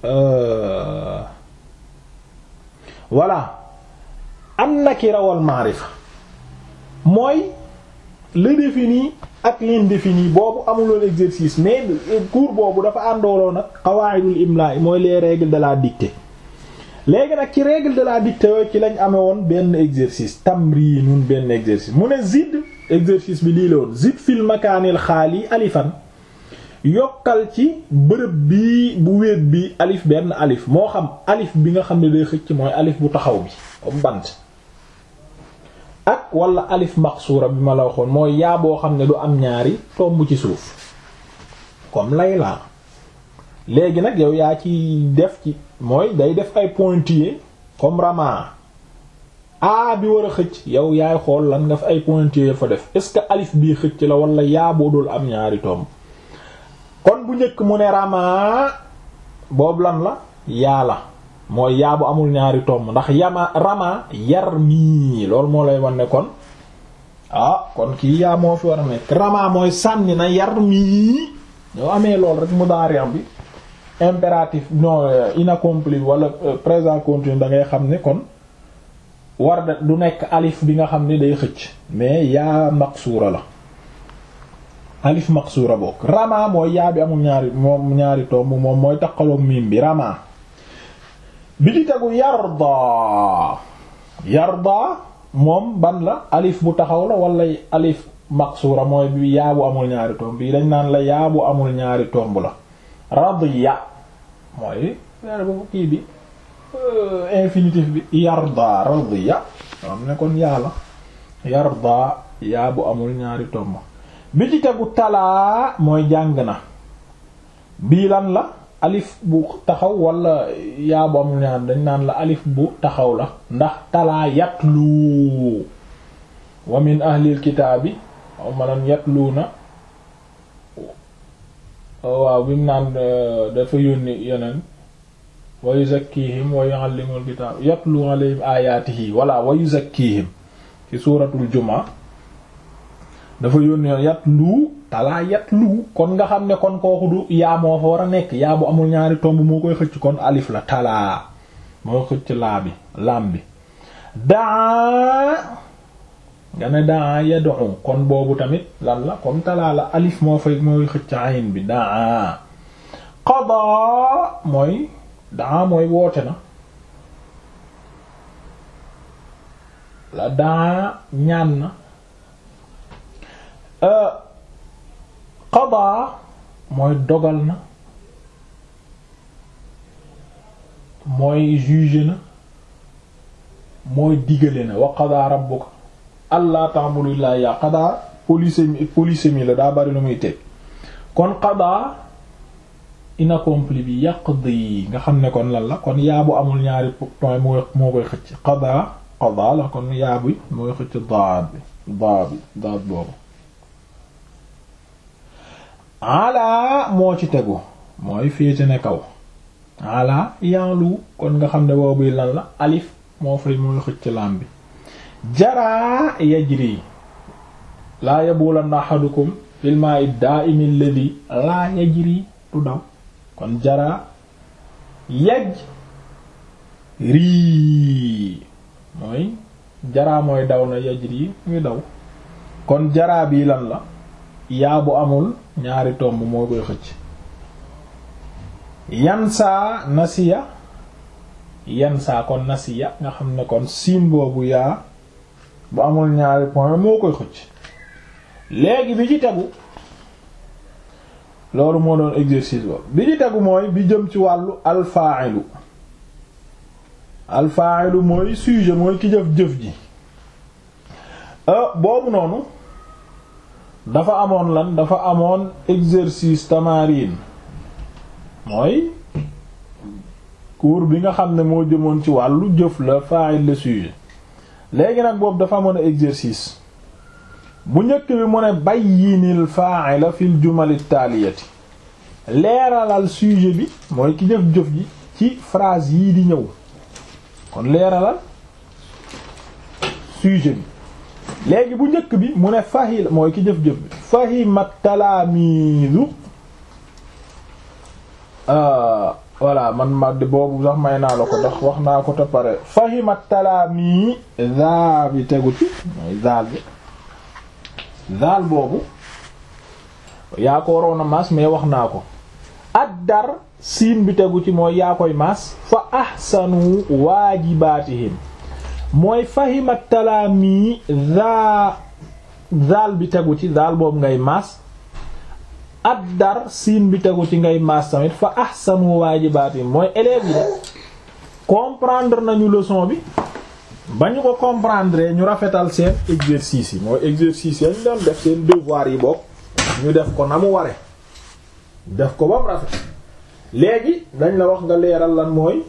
euh, voilà an nakira wal maarifa mooy le défini ak l'indéfini boobu amuloon exercice mais cours boobu dafa àndooloon nag qawaidul imla mooy les règles de la dictée léegi nag ci règle de la dictée yooyu ci lañ amee benn exercice tamrinun benn exercice mu ne zid exercice bi lii la woon zid fil makaanil xaali alifan yokkal ci bërëb bi bu wéet bi alif benn alif moo xam alif bi nga xam ne day xëcc mooy alif bu taxaw bi bant ak wala alif maqsuura bi ma la waxoon mooy yaa xam ne du am ñaari tomb ci suuf comme layla léegi nag yow yaa ci def ci mooy day def ay pointillés comme rama a bi war xëcc yow yaay xool lan nga fa ay pointillés fa def est-ce que alif bii xëcc la wala yaa boo dul am ñaari tomb kon bu njëkk mu ne rama boobu lan la yaa la mooy yaabu amul ñaari tomb ndax yama rama yar mii loolu moo lay wan kon ah kon kii yaa moo fi war a nekk rama mooy sànni na yar mii ñoo amee lool rek mudaari bi impératif no inaccompli wala euh, présent continu da ngay xam ne kon war da du nekk alif bi nga xam ne day xëcc mais yaa maqsuura la alif maqsuura bokk rama mooy yaa bi amul ñaari moom ñaari tomb moom mooy takkaloog miim bi rama bi ci tegu yarda yarda moom ban la alif bu taxaw la wala alif maqsuura mooy bi yaabu amul ñaari tomb bii dañ naan la yaabu amul ñaari tomb la radiya mooy kii bi euh, infinitif bi yarda radiya am ne kon yàlla yarda yaabu amul ñaari tomb bi ci tegu talaa mooy jàng na bii la alif bu taxaw wala yaa bu dañ naan la alif bu taxaw la ndax talaa yatlu wa min ahlil kitaabi aw malan yatluuna waaw bi naan euh, dafa yónni yeneen wa yuzakkihim wa yu'allimul kitaab yatlu alayhim ayaatihi wala wa yuzakkihim ci suuratul jumaa dafa yónnee yat luu talaa yat luu kon nga xam ne kon kooku du yaa moo fa war a nekk yaa bu amul ñaari tomb moo koy xëcc kon alif la talaa moo xëcc laa bi daa tamit la comme mooy daa mooy woote na la daa ñaan na Euh, qadaa mooy dogal na mooy juge na mooy digale na wa qadaa rabbuka allah ta'budu illaa yaa qadaa polysémie polysémie la daa bari lu muy teg kon qadaa inaccompli bi yaqdi nga xam ne kon lan la kon yaabu amul ñaari point moo koy xëcc qadaa qadaa la kon yaabu mooy xëcc daad bi daad bi daad boobu ala moo ci tegu mooy féete ne kaw ala yanlu kon nga xam ne boobu lan la alif moo fay mooy xëcc laam bi jaraa yajri laa yabulanna ahadukum du daw kon jaraa yaj rii mooy jaraa mooy daw na yajri muy daw kon jaraa bii lan la yaa bu amul ñaari tomb moo koy xëcc yansaa nasiya yansaa kon nasiya nga xam ne kon siin boobu yaa bu amul ñaari point moo koy xëcc léegi bi ci tegu loolu moo doon exercice ba bi ci tegu mooy bi jëm ci wàllu alfa'ilu alfa'ilu mooy sujet mooy ki jëf jëf ji euh, boobu noonu dafa amoon lan dafa amoon exercice tamarin mooy cours bi nga xam ne moo jëmoon ci wàllu jëf la fa'il le sujet léegi nag boobu dafa amoon exercice bu njëkk bi mu ne bayyinil fa'ila fil jumali taaliyati leeralal sujet bi mooy ki jëf jëf ji ci frase yii di ñëw kon leeralal sujet bi léegi bu njëkk bi mu ne fahil mooy ki jëf-jëf bi fahimat talaamiidu ah, voilà man ma boobu sax may naa la ko ndax wax naa ko te pare fahimat talaami zaal bi tegu ci mooy bi zaal boobu yaa ko waroon maas mais wax naa ko addar siin bi tegu ci mooy yaa koy maas fa ahsanu waajibaatihim mooy fahima talaami za zaal bi tegu ci zaal boobu ngay maas addar siin bi tegu ci ngay maas tamit fa ahsanu waajibaati mooy élèves yi comprendre nañu leçon bi ba ñu ko comprendre ñu rafetal seen exercice yi mooy exercice yi ñu doon def seen devoir yi bokk ñu def ko na mu ware def ko ba mu rafet léegi dañ la wax nga leeral lan mooy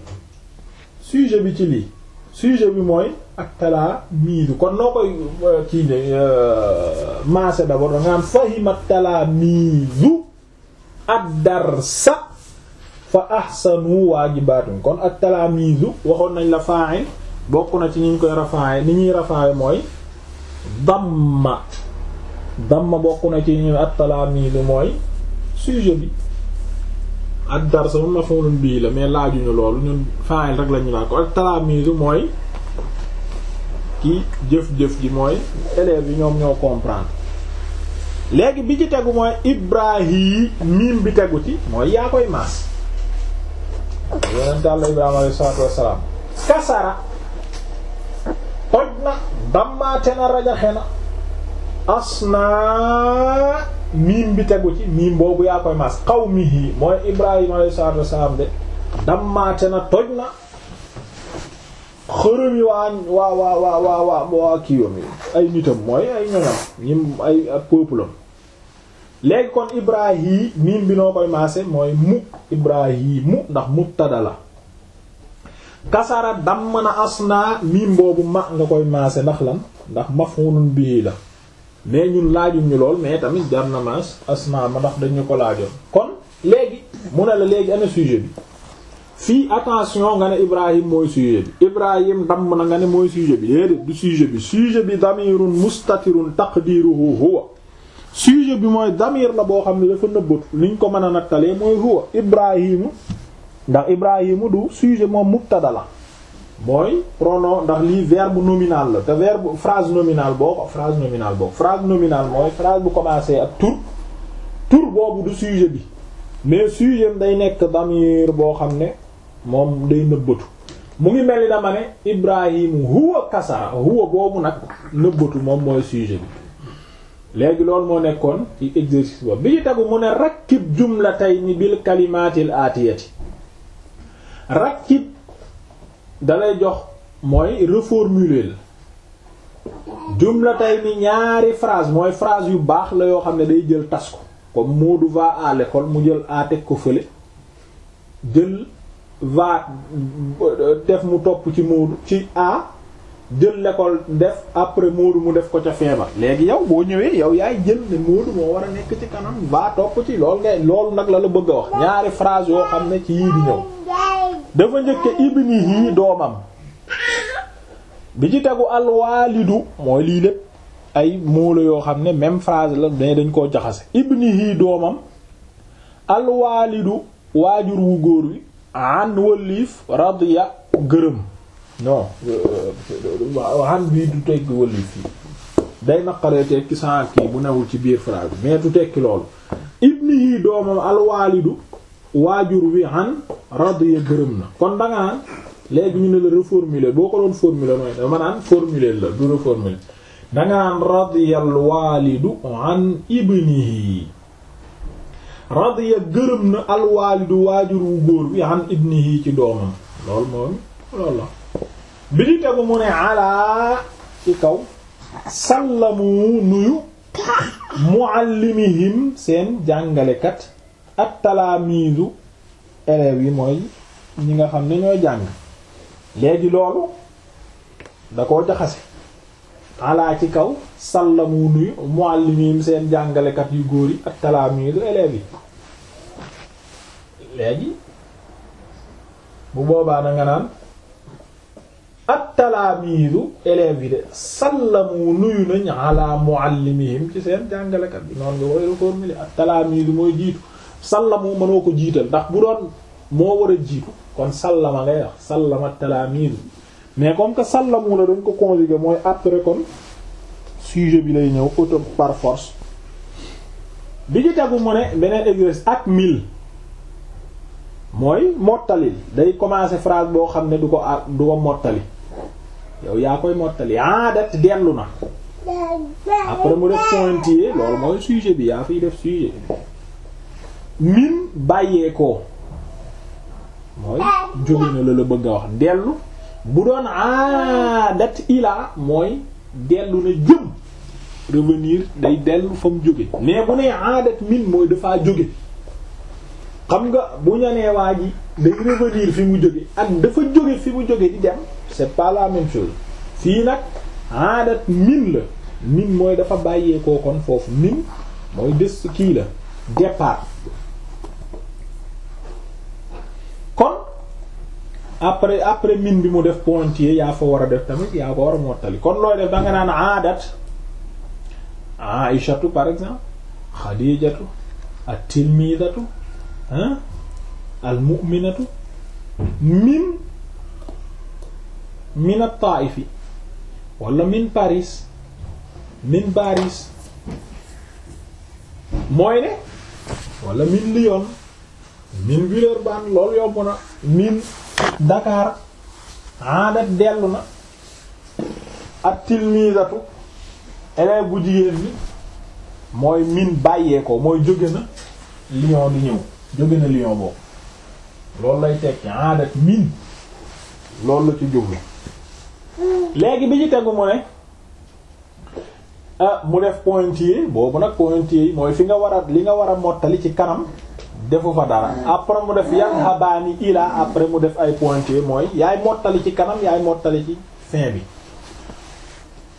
sujet bi ci lii sujet bi mooy ak talaa miidu kon noo koy euh, kii ne euh, maase d'abord da nga am fahima talaa miidu ad-darsa fa ahsanu waajibaatun kon ak talaa waxoon nañ la fa'il bokk na ci ñu koy rafa'e ni ñuy rafa'e mooy damma damma bokk na ci ñu at talaa miidu mooy sujet bi ak dar sama mafulun bii la mais laajuñu loolu ñun fa'il rek la ñu laa ko ak mooy ki jëf-jëf ji mooy élèves yi ñoom ñoo comprendre léegi bi ci tegu mooy ibrahim miim bi tegu ci mooy yaa koy maas yonent Yàlla Ibrahima alayhi salaatu wassalaam kasara toj na dammaate na rajaxe na asna miim bi tegu ci miim boobu yaa koy maas qawmihi mooy Ibrahima alayhi salaatu wassalaam de dammaate na toj na xërëm yi waa waa waa waa waa waa waa yi ay nitam mooy ay ñoñam ñim ay peuple am kon Ibrahim miim bi noo koy maase mooy mu Ibrahim mu ndax la kasara damm na asna miim boobu ma nga koy maase ndax lan ndax maf'ulun bihi la mais ñun laajuñ ñu lool mais tamit jar na maas asma ba ndax dañu ko laajoon kon léegi mu ne la léegi ana sujet bi fii attention nga ne Ibrahim mooy sujet bi Ibrahim damm na nga ne mooy sujet bi déedéet du sujet bi sujet bi damirun mustatirun taqdiruhu huwa sujet bi mooy damir la boo xam ne dafa nëbbatu niñ ko mën a nattalee mooy huwa Ibrahimu ndax Ibrahimu du sujet moom mubtada la mooy pronom ndax lii verbe nominal la te verbe phrase nominale boo ko phrase nominale boo phrase nominale mooy phrase bu commencé ak tur tur boobu du sujet bi mais sujet day nekk damir boo xam ne moom day nëbbatu mu ngi mel ni dama ne Ibrahim huwa kasara huwa boobu nag nëbbatu moom mooy sujet bi léegi loolu moo nekkoon ci exercice boobu bi ñu tegu mu ne rakkib jumlatayni bil kalimaatil aatiyati rakkib dalay jox mooy reformuler la jumla tey ni ñaari phrase mooy phrase yu baax la yoo xam ne day jël tas ko comme Moodu va à l'école mu jël a teg ko fële jël va euh, def mu topp ci Moodu ci a jël l'école def après Moodu mu def ko ca feebar léegi yow boo ñëwee yow yaay jël ne Moodu moo war a nekk ci kanam va topp ci lool ngay loolu nag la la bëgg a wax ñaari phrase yoo xam ne ci yii di ñëw dafa njëkke ibnihi doomam bi ci tegu alwaalidu mooy lii lépp ay mots la yoo xam ne même phrase la dañ dañ koo jaxase ibnihi doomam alwaalidu waajur wu góor wi an wëlliif radiya gërëm non euh, an bii du tekki wëlliif yi day naqaree tekki sànq yi bu newul ci biir phrase mais du tekki loolu ibnihi doomam alwaalidu waajur wi an radiya gërëm na kon da nga ñu ne la reformuler boo ko doon formuler mooy dama naan formuler la du reformuler da nga naan an ibnihi radiya gërëm na al waajur wu góor wi an ibnihi ci doomam loolu moom loolu bi di tegu mu ne alaa ci kaw sallamu nuyu muallimihim seen jàngalekat ak talaamiizu élèves yi mooy ñi nga xam ne ñooy jàng léegi loolu da koo jaxase alaa ci kaw sàllamu nuyu muallimiim seen jàngalekat yu góor yi ak talaamiizu élèves yi léegi bu boobaa na nga naan ak talaamiizu élèves yi de sallamu nuyu nañ ala muallimihim ci seen jàngalekat bi noonu nga koy reformuler ak talaamiizu mooy jiitu sallamu mënoo ko jiital ndax bu doon moo war a jiitu kon sallama ngay wax sallama mais comme que sallamu la dañ ko conjuguer mooy après kon sujet bi lay ñëw auto par force bi ci tegu mu ne beneen exercice ak mil mooy mottali day commencer phrase boo xam ne du ko a du ko mottali yow yaa koy mottali aadat ah, dellu na après mu def pointillé loolu mooy sujet bi yaa fiy def sujet min bàyyeekoo mooy jóge na la la bëgg a wax dellu bu doon aadat ilaa mooy dellu na jëm revenir day dellu fa mu jóge mais bu nee aadat min mooy dafaa jóge xam nga bu ñanee waa ji day revenir fi mu jóge ak dafa jóge fi mu jóge di dem c'est pas fii nag aadat min la min mooy dafa bàyyeekoo kon foofu min mooy des kii la départ après après min bi mu def pointier yaa fa war a def tamit yaa ko war a mottali kon looy def danga naan aadat aishatu par exemple xadijatu at-tilmidatu al-mu'minatu min min at-ta'ifi wala min paris min paris mooy ne wala min Lyon min Villeurbanne loolu yomb na min Dakar aadat dellu na ak tilmisatu élève bu jigéen bi mooy min bàyyeekoo mooy jóge na Lyon di ñëw jóge na Lyon boobu loolu lay tekki aadat min loolu la ci jublu léegi bi ñu tegu mu ne ah mu def pointillé boobu nag pointillé yi mooy fi nga war a li nga war a mottali ci kanam defu fa dara mm. après mu def yan xabaani ila après mu def ay pointé mooy yaay mottali ci kanam yaay mottali ci fin bi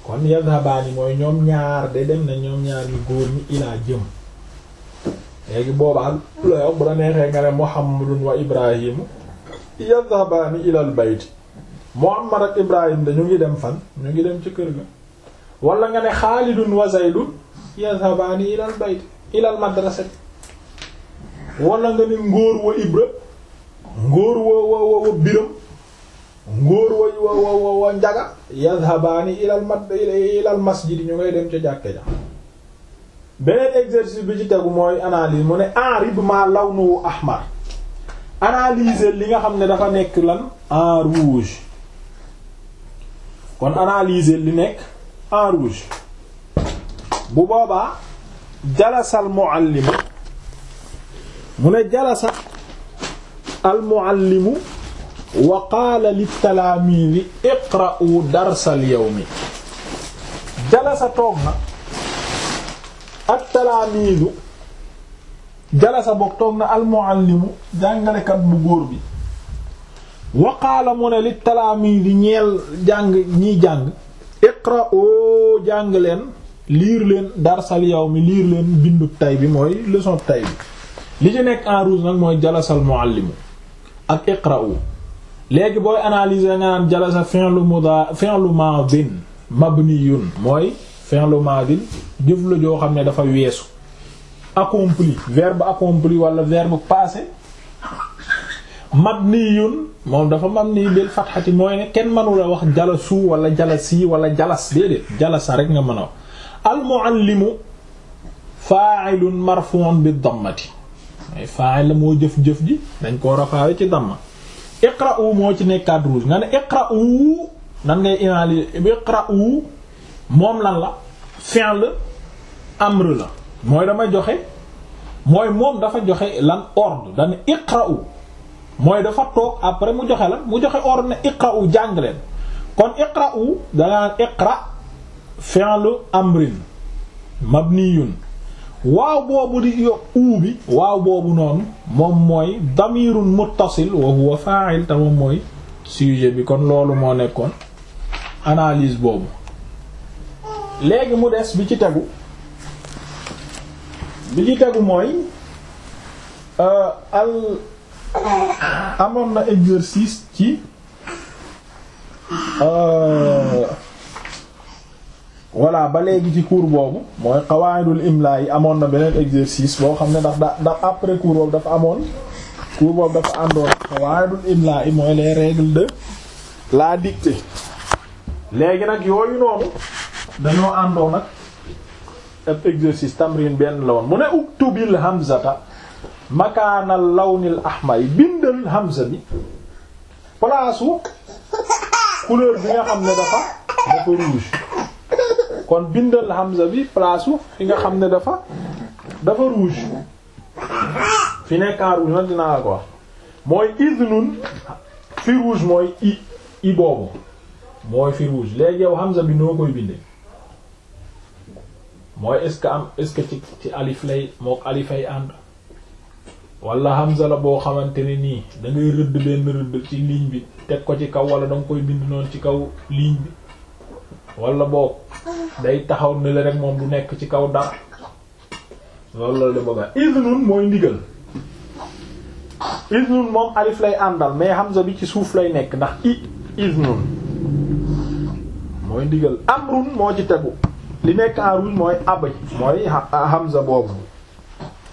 kon yan xabaani mooy ñoom ñaar de dem na ñoom ñaar ñu góor ñi ilaa jëm léegi boobaa la bu la neexee nga ne Muhammadun wa Ibrahim yadhabaani ilal bayt Muhammad ak Ibrahim dañu ngi dem fan ñu ngi dem ci kër ga wala nga ne Xaalidun wa Zaydun yadhabaani ilal bayt ilal wala nga ne ngóor wa ibra ngóor wa wa wa biram ngóor wa wa wa wa njaga yadhabaani ilal mad ilal masjid ñu ngay dem ca jàkke ja beneen exercice bi ci tegu mooy analyse mu ne enrib ma lawnu ahmar analyser li nga xam ne dafa nekk lan en rouge kon analyser li nekk en rouge bu boobaa jalasal muallima mu ne jalasa al muallimu wa iqra'u darsal yawmi jalasa toog na ak jalasa boog toog na al muallimu jàngalekat bu góor bi wa qaala mu ne li ñeel jàng ñiy jàng iqra'u jàng leen liir leen darsal yawmi liir leen bindu tay bi mooy leçon tay bi li ci nekk en rouge nag mooy jalasal muallimu ak iqra'u léegi booy analyser nga naan jalasa fi'lu muda fi'lu madin mabniyun mooy fi'lu madin jëf joo xam ne dafa weesu accompli verbe accompli wala verbe passé mabniyun moom dafa mabni bil fatxati mooy ne kenn mënu la wax jalasu wala jalasi wala jalas déedéet jalasa rek nga mën a wax al muallimu fa'ilun marfu'un bid dammati mais faay la moo jëf-jëf ji dañ koo rafaawe ci damma iqra'u moo ci nekkaat rouge nga ne iqra'u nan ngay inali iqra'u moom lan la la amr la mooy dama joxe mooy moom dafa joxe lan ordre dana iqra'u mooy dafa toog après mu joxe lan mu joxe ordre ne iqra'u jàng leen kon iqra'u dangaa la fi'l amrin mabniyun waaw boobu di yo uubi waaw boobu noonu moom mooy damirun muttasil wa huwa fa'il mooy sujet bi kon loolu moo nekkoon analyse boobu léegi mu des bi ci tegu bi ci tegu mooy euh, al amoon na exercice ci euh, voilà ba léegi ci cours boobu mooy qawaidul imla yi amoon na beneen exercice boo xam ne ndax da ndax après cours boobu dafa amoon cours boobu dafa àndoon qawaidul imla yi mooy les règles de la dictée léegi nag yooyu noonu dañoo àndoon nag ab exercice tamrin benn la woon mu ne uktubil hamzata makaanal lawnil ahmari bindal hamza bi place couleur bi nga xam ne dafa dafa rouge kon bindal hamza bi place fi nga xam ne dafa dafa rouge fi nekk en nag dinaa la ko wax mooy iznun fi rouge mooy i i boobu fi rouge mooy est-ce que am est-ce ci ci alif lay mook alifay ànd wala hamza la boo xamante ne nii da ngay rëdd benn rëdd ci ligne bi teg ko ci kaw wala da nga koy bind noonu ci kaw ligne bi walla boog day taxaw ni rek moom du nekk ci kaw dara loolu mooy ndigal iznun moom alif lay àndal mais hamza bi ci suuf lay nekk ndax i iznun mooy ndigal amrun moo ci tegu li nekk en rouge mooy ab mooy ah, hamza boobu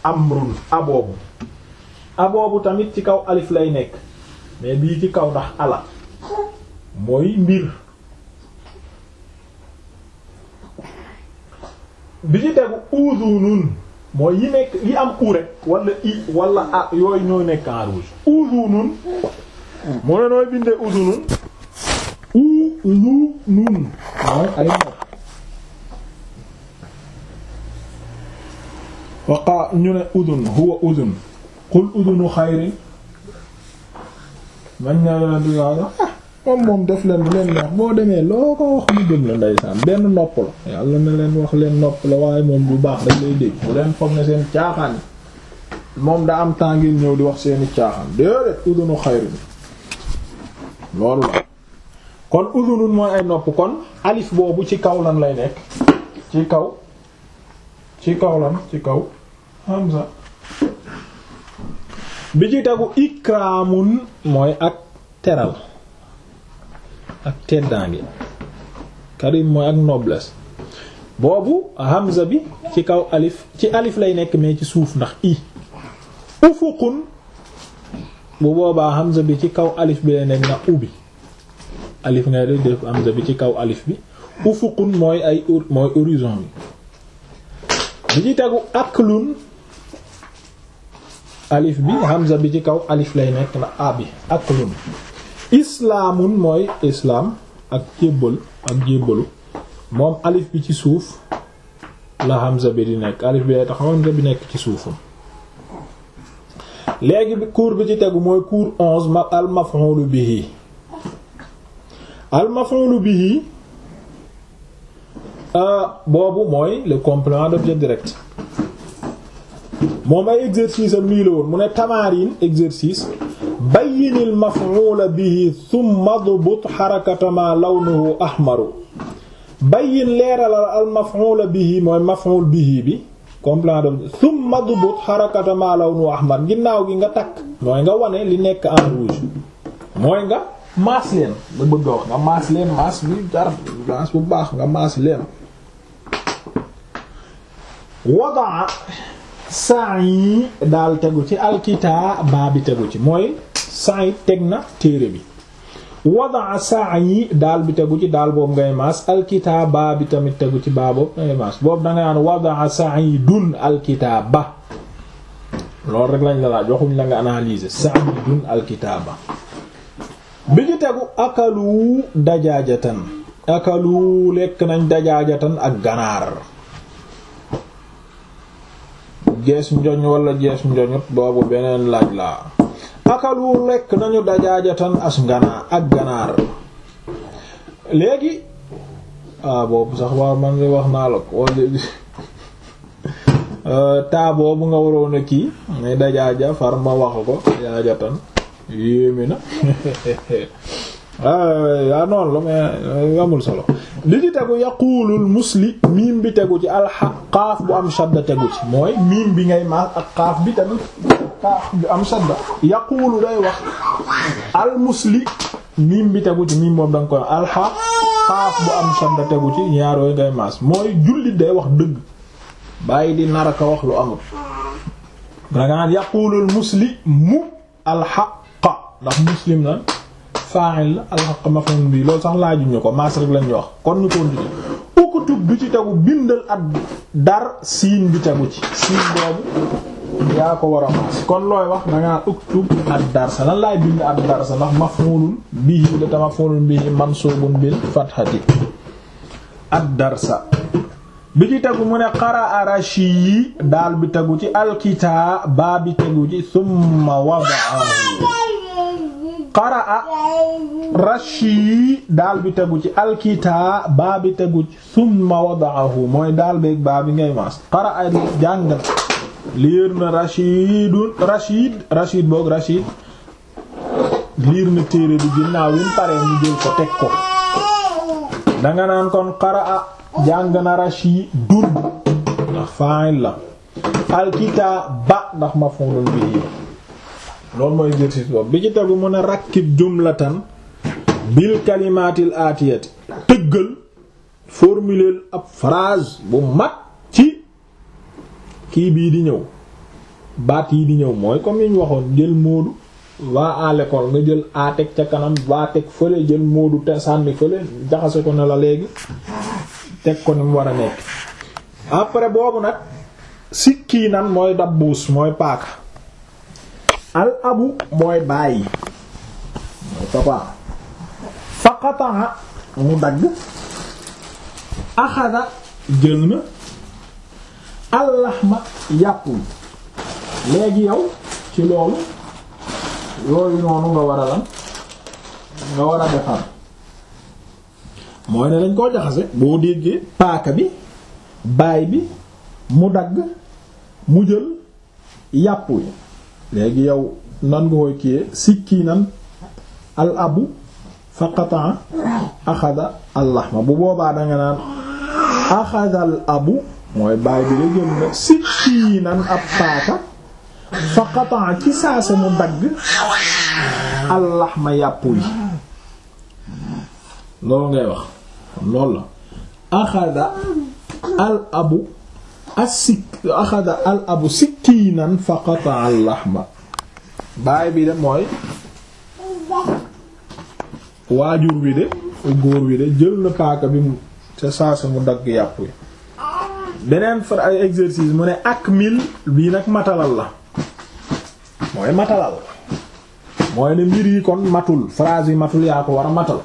amrun aboobu aboobu tamit ci kaw alif lay nekk mais bii ci kaw ndax ala mooy mbir bi ci tegu uzunun mooy yi nekk yi am u wala i wala a yooyu ñoo nekk en rouge uzunun mu ne nooy bindee uzunun uzunun mooy ay nopp waqa ñu ne udun huwa udun qul udunu xayri mañ na yoneen moom moom def leen bu leen neex boo demee loo ko wax mu gëm la ndeysaan benn nopp la yàlla na leen wax leen nopp la waaye moom bu baax dañ lay dégg bu leen foog ne seen caaxaan yi moom daa am temps ngeen ñëw di wax seeni caaxaan déedéet udunu xayru ni loolu la kon udunun mooy ay nopp kon alif boobu ci kaw lan lay nekk ci kaw ci kaw lan ci kaw bi ci tagu ikraamun mooy ak teral ak teddaange karim mooy ak noblesse boobu hamza bi ci kaw alif ci alif lay nekk mais ci suuf ndax i ufuqun bu boobaa hamza bi ci kaw alif bi nekk ndax ubbi alif ngay def def bi ci kaw alif bi ufuqun mooy ay mooy horizon bi bi ci tegu aklun alif bi hamza bi ci kaw alif lay nekk na abi aklun islaamun mooy islaam ak jébbal ak jébbalu moom alif bi ci suuf la hamza bi di nekk alif bi day tax hamza bi nekk ci suufam léegi bi cours bi ci tegu mooy cours onze ma al maf'ul bihi al maf'ul bihi euh, boobu mooy le complément d'objet direct moom ay exercice am nii la woon mu ne tamarin exercice bayyin al-maf'uula bihi thumma leeralal al-maf'uula bihi mooy maf'uul bihi bi complément de thumma dbut harakata ma lawnuhu ahmar ginnaaw gi nga takk mooy nga wane li nekk en rouge mooy nga maas leen nga bëgg nga maas leen maas bi jar maas bu baax nga maas leen wadaa saa yi daal tegu ci alkitaa baa bi tegu ci mooy Sa'id teg na téere bi wadaa saa yi daal bi tegu ci daal boobu ngay maas alkitaaba bi tamit tegu ci baa boobu ngay maas boobu danga naan wadaa saa yi dun alkitaaba loolu rek lañ la laaj waxuñ la nga analyser saa yi dun bi ci tegu akalu dajaajatan akalu lekk nañ dajaajatan ak ganaar jees njoñ wala jees njoñut boobu beneen laaj la akalu rekk nañu dajaajatan as nganaar ak ganaar léegi ah boobu waaw man de wax naa la ko euh, nga waroon a kii ne dajaaja far ma wax ko dajaajatan yéeme na *laughs* ah, ah noonu la mais euh, amul solo li ci tegu yaqulul musli miim bi tegu ci alxa qaaf bu am shadda tegu ci mooy miim bi ngay maas ak qaaf bi tamit. ah am sadda yaquulu day wax almusli miim bi tegu ci miim moom da nga koy alxaaf xaaf bu am sadda tegu ci ñaar yooyu ngay maas mooy jullit day wax dëgg bàyyi di nar aka wax lu amul danga naan yaquulul musli mu alxaqa ndax muslim la fa'il la alxaq mafhum bi loolu sax laajuñu ko maas rek lañu wax kon ñu ko ndidi ukutub bi ci tegu bindal at dar siin bi tegu ci siin boobu yaa ko war maas kon looy wax na ngaa uktub ad-darsa lan laay bind ad-darsa ndax maf'ulun bihi la ta maf'ulun bihi mansubun bil fathati ad-darsa bi ci tegu mu ne qaraa rashi yi daal bi tegu ci alkitaaba bi tegu ci summa wada'ahu qaraa rashi daal bi tegu ci alkitaaba bi tegu ci summa wada'ahu mooy baa bi ngay maas qaraa jàng liir na Rashidun Rashid Rashid boog Rashid liir na téere bi ginnaaw yi mu paree mu jël ko teg ko danga naan kon qaraa jàng na Rashidun ndax fa'il la alkitaaba ndax maf'ulun bihi loolu mooy exercice boobu bi ci tegu mu ne rakkib jumlatan bil kalimaatil aatiyati tëggal formuler ab phrase bu mat kii bii di ñëw baat yi di ñëw mooy comme ñu waxoon jël moodu waa à nga jël a ca kanam waa teg fële jël moodu te sànni fële jaxase ko ne la léegi teg ko ni mu war a nekk après boobu nag sikkii nan mooy dabbuus mooy paaka al mooy bàyyi mooy mu dagg axada jël na allahma yàpp wi léegi yow ci loolu looy noonu nga war a lan nga war a defar mooy ne dañ koo jaxase boo déggee paaka bi baay bi mu dagg mu jël yàpp wi léegi yow nan nga koy kiiyee sikkiinan al abu faqata axada allahma bu boobaa danga naan axada abu mooy baay bi la jël na sittiinan ab taaka fa qataa ci saase mu dagg allaxma yàpp yi loolu ngay wax lool loolu la axada al abu asik axada al abu sittiinan fa baay bi de mooy waajur wi de góor bi de jël na paaka bi mu ca saase mu dagg yàpp yi beneen far ay exercice mu ne ak mil bii nag matalal la mooy matalal mooy ne mbir yi kon matul phrase yi matul yaa ko war a matal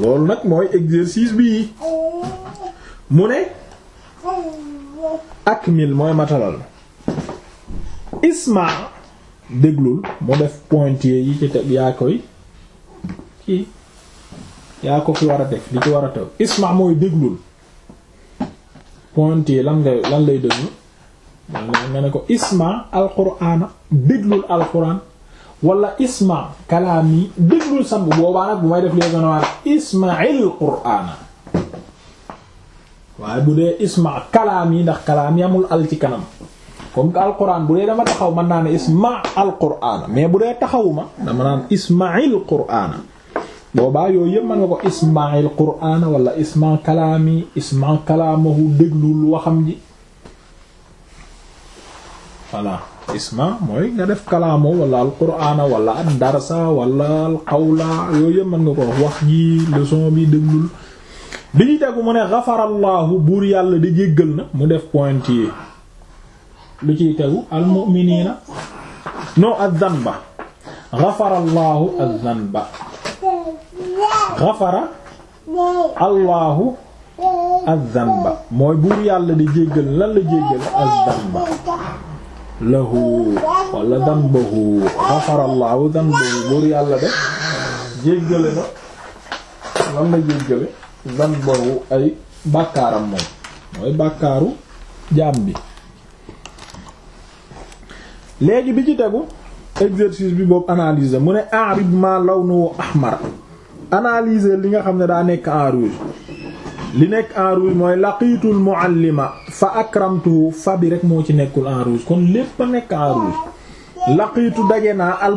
loolu nag mooy exercice bii mu ne ak mil mooy matalal isma déglul mu def pointier yi ci teg yaa koy kii yaa ko fi war a def li ci war a tew isma mooy déglul pointé lan ngay lan lay déglu nga ne ko isma alqur'ana déglul alqur'an wala isma kalaami déglul sam boobaa nag bu may def lee gën a waar ismail qur'ana waaye bu dee isma kalaami ndax kalaami amul al ci kanam comme que alqur'an bu dee dama taxaw mën naa ne isma alqur'ana mais bu dee taxawuma dama naan ismail qur'ana boobaa yooyu yëpp mën nga ko ismail qur'aan wala isma kalaami isma kalaamahu déglul waxam ji voilà isma mooy nga def kalaamu wala al qur'aan wala ad darsa wala al qawla yooyu yëpp mën nga ko wax wax ji leçon bi déglul bi ñu tegu mu ne gafarallaahu buur yàlla di jéggal na mu def point yi lu ciy tegu al mu'miniina no ad-dhanba gafarallaahu ad-dhanba xafara allahu az-zanba mooy buur yàlla di jéggal lan la jéggal az yàlla de jéggale na lan la jéggale zanbahu ay bàkkaaram moom mooy bàkkaaru jaam bi léegi bi ci tegu exercice bi boobu analyse mu ne a'rib ma lawnu ahmar analyser li nga xam ne daa nekk en rouge li nekk en rouge mooy laqiitul muallima fa akramtuhu fa bi rek moo ci nekkul en rouge kon lépp a nekk en rouge laqiitu daje naa al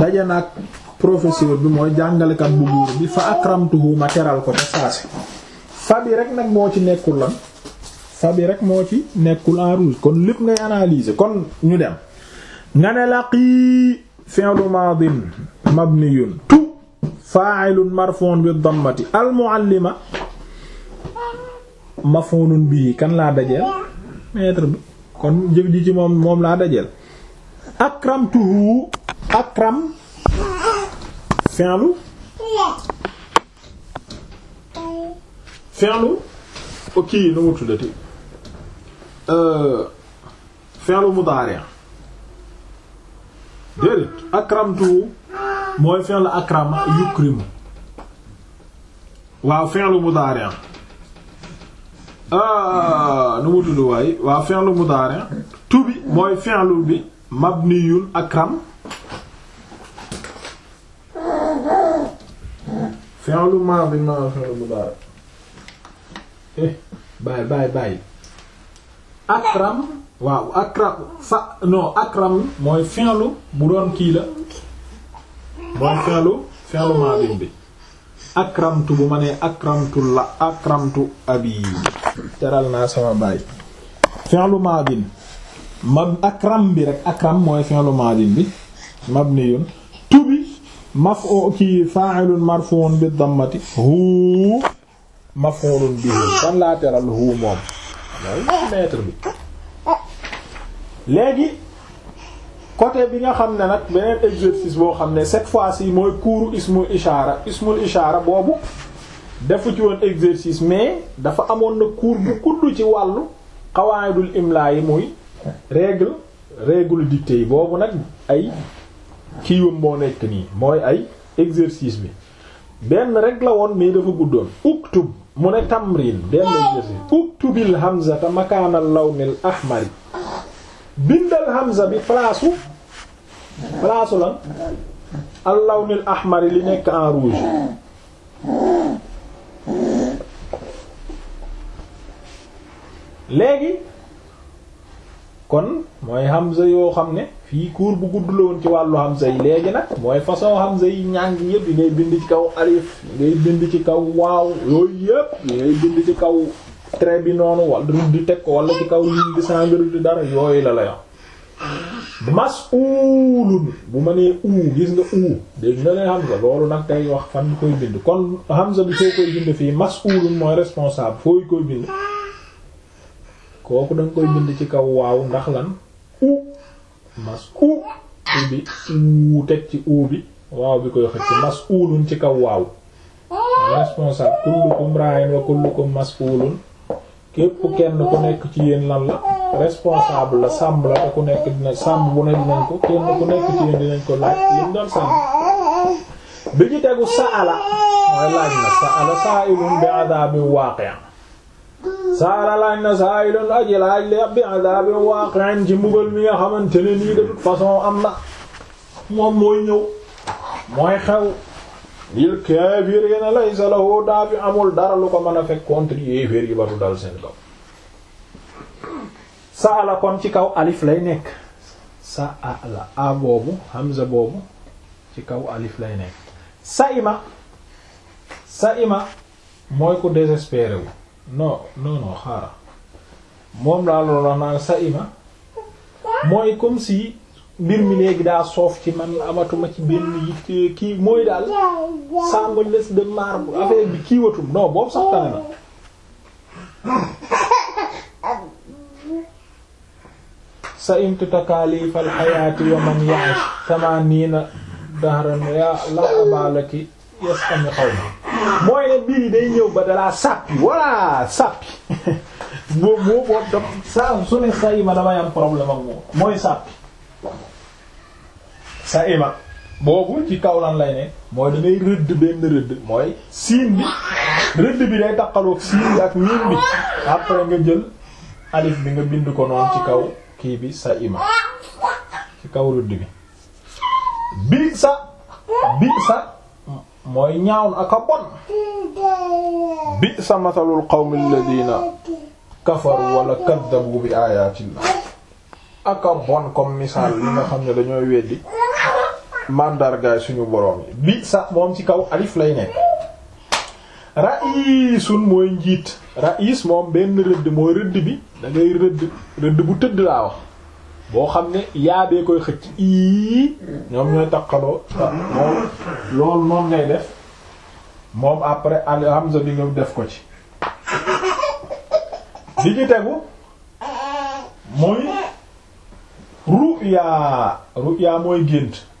daje naa professeur bi mooy jàngalekat bu fa akramtuhu ma teral ko te saasi fa rek moo ci nekkul lan fa rek moo ci nekkul en rouge kon lépp ngay analyser kon ñu dem nga ne laqi fi'lu madin mabniyun tu fa'ilun marfu'un bi dammati al muallima maf'ulun bii kan laa dajeel maître bi kon jëf ji ci moom moom laa dajeel akramtuhu akram fi'lu fi'lu ok nu mu tuddati euh, fi'lu mudaari' déedéet akramtu mooy fi'l akrama yukrimu waaw fi'l mudari' ah nu mu tudd waay waaw fi'l mudari' tu bi mooy fi'l bi mabniyul akram fi'l madi ma fi'l mudari' eh bàyyi bàyyi bàyyi akram waaw akram fa non akram mooy fi'lu bu doon kii la mooy fi'lu fi'lu madin bi akramtu bu ma nee akramtu la akramtu abi teral naa sama baay fi'lu madin ma akram bi rek akram mooy fi'lu madin bi mabniyun tubi maf'ul ki fa'ilun marfu'un bi dammati hu maf'ulun bihi kan laa teral hu moom mooy maître bi léegi côté bi nga xam ne nag beneen exercice boo xam ne cette fois-ci mooy kuuru ismul ishaara ismul ishaara boobu defu ci woon exercice mais dafa amoon na cours bu kudd ci wàllu qawaidul imla yi muy règle règle dictée yi boobu nag ay kiiwam moo nekk nii mooy ay exercice bi benn rek la woon mais dafa guddoon uktub mu ne tamrin benn exercice uktubil hamzata makaanal lawnil ahmari bindal hamza bi place u place lan allawnil ahmari li nekk en rouge léegi kon mooy hamza yoo xam ne fii cours bu gudd la woon ci wàllu hamza yi léegi nag mooy façon hamza yi ñàng yëpp yi ngay bind ci kaw alif yi ngay bind ci kaw waaw yooyu yëpp yi ngay bind ci kaw trait bi noonu wala di teg ko wala ci kaw ligne bi sans virgule dara yooyu la la yor mas'ulun bu ma nee uu gis nga uu dégg nga ne Hamza loolu ndax tey wax fan koy bind kon Hamza bi foo fii mas'ulun mooy responsable fooy koy kooku da koy bind ci kaw waaw ndax lan u mas'u bi uu teg ci uu bi waaw bi koy xëcc mas'ulun ci kaw waaw responsable kullukum ra'in wa kullukum mas'ulun képp kenn ku nekk ci yéen lan la responsable la sàmm la te ku nekk dina sàmm bu ne dinañ ko kenn ku nekk ci yéen dinañ ko laaj lim doon sàmm bi ci tegu saala mooy laaj na saala sa'ilun bi adabin bi adabin waqi'in ci mbugal mi nga xamante ne nii de toute façon am na moom mooy ñëw mooy xew lil kaafiriina laysa lahu daafi amul dara lu ko mën a fekk contre yéeféer yi ba du dal seen kaw saala kon ci kaw alif lay nekk saala a boobu hamza boobu ci kaw alif lay nekk saima saima mooy ku désespéré wu non non xaaral moom laa loolu wax naan saima mooy comme mbir mi léegi daa soof ci man amatuma ci benn yitte kii mooy daal sàmm les de marbre affaire bi kii watum non boobu sax tane na sa imtu takaaliif alxayaati wa man yaash tamaaniina dahran yaa la abalaki yasami xawma mooy ne day ñëw ba dalaa sàppi walla sàppi *laughs* boobu boobu daf saa su ne saa yi ma damay problème moom mooy sàppi sa ima boobu ci kaw lan lay ne mooy da rëdd benn rëdd mooy siin bi rëdd bi day taqaloog siin bi ak miin bi après nga jël alif bi nga bind ko noonu ci kaw kii bi sa ima ci kaw rëdd bi bi sa bi sa mooy ñaaw ak a bon bi sa masalul qawmi alladina kafaru wala kaddabu bi ayatillah ak a bon comme misaal li nga xam ne dañooy weddi màndargaay suñu boroom yi bi sa moom ci kaw alif lay nekk ra'isun mooy njiit ra'is moom benn rëdd mooy rëdd bi dangay rëdd rëdd bu tëdd laa wax boo xam ne yaabee koy xëcc ii ñoom ñooy takkaloo moom loolu moom ngay def moom après al hamza bi nga def ko ci li ci tegu mooy ru'ya ru'ya mooy gént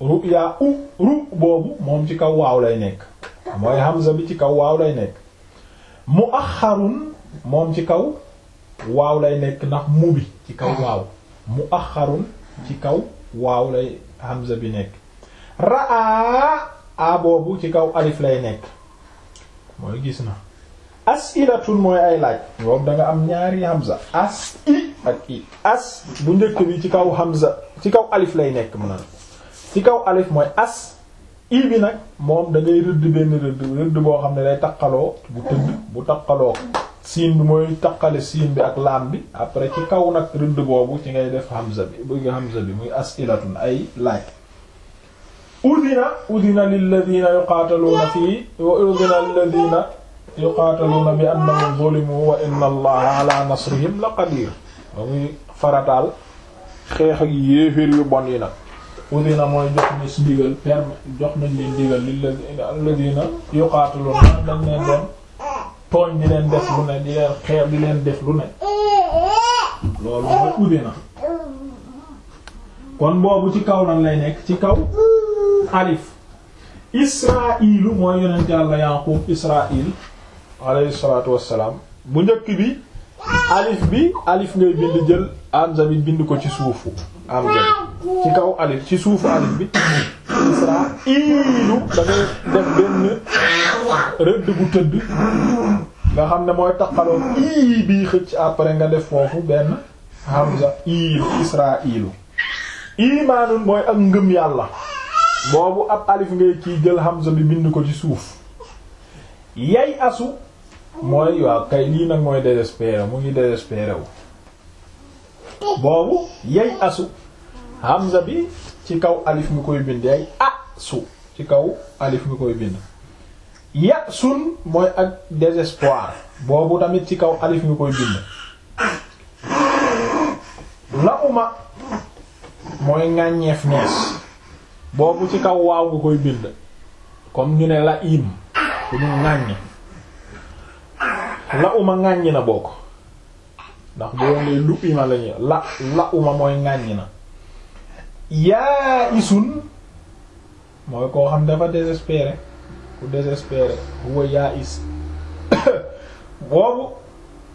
ruyaa u ru boobu moom ci kaw waaw lay nekk mooy hamza bi ci kaw waaw lay nekk mu muaxarun moom ci kaw waaw lay nekk ndax mu bi ci kaw waaw muaxarun ci kaw waaw lay hamza bi nekk raa a boobu ci kaw alif lay nekk mooy gis na asilatun mooy ay laaj boobu da nga am ñaari hamza as i as bu njëkk bi ci kaw hamza ci kaw alif lay nekk mën na ci kaw alif mooy as i bi nag moom da ngay rëdd benn rëdd boo xam ne day taqaloo bu tëdd bu taqaloo siin bi mooy taqale siin bi ak laam bi après ci kaw nag rëdd boobu ci ngay def hamza bi bu hamza bi muy as'ilatun ay laaj udina udina lilladina yuqaataluuna fii wa udina lilladina yuqaataluuna bi annahum zulimu wa inna allaha ala nasrihim la qadir ba muy farataal xeex ak yéeféer yu bon yi nag udina mooy jox nis digal perme jox nañ leen digal lilladina yuqaatiluuna dañ leen doon tooñ di leen def lu ne di leen xeer di leen def lu ne loolu mooy udina kon boobu ci kaw lan lay nekk ci kaw alif israilu mooy yonent yàlla yaqub israil alayhi salaatu wassalaam bu njëkk bi alif bi alif ngay bind jël Hamza bi bind ko ci suufu Hamza ci kaw alif ci suufu alif bi Israa'iilu da ngay def benn rëdd bu tëdd nga xam ne mooy taqaloon ii bii xëcc après nga def foofu benn Hamza iilu Israa'iilu iimaanun mooy ak ngëm yàlla boobu ab alif ngay kii jël Hamza bi bind ko ci suuf yay asu mooy waaw kay lii nag mooy désespéré mu ngi désespéré boobu yay asu hamza bi ci kaw alif nga koy bind yay asu ci kaw alif nga koy bind ya sun mooy ak désespoir boobu tamit ci kaw alif nga koy bind la uma mooy ŋàññeef nees boobu ci kaw waaw nga koy bind kon ñu ne la im ku ñu ŋàññ la uma ŋàññ na bokk ndax bu woon ne lu ima lañu la la uma mooy ŋàññ na yaa isun mooy koo xam dafa désespéré ku désespéré huwa yaa is *coughs* boobu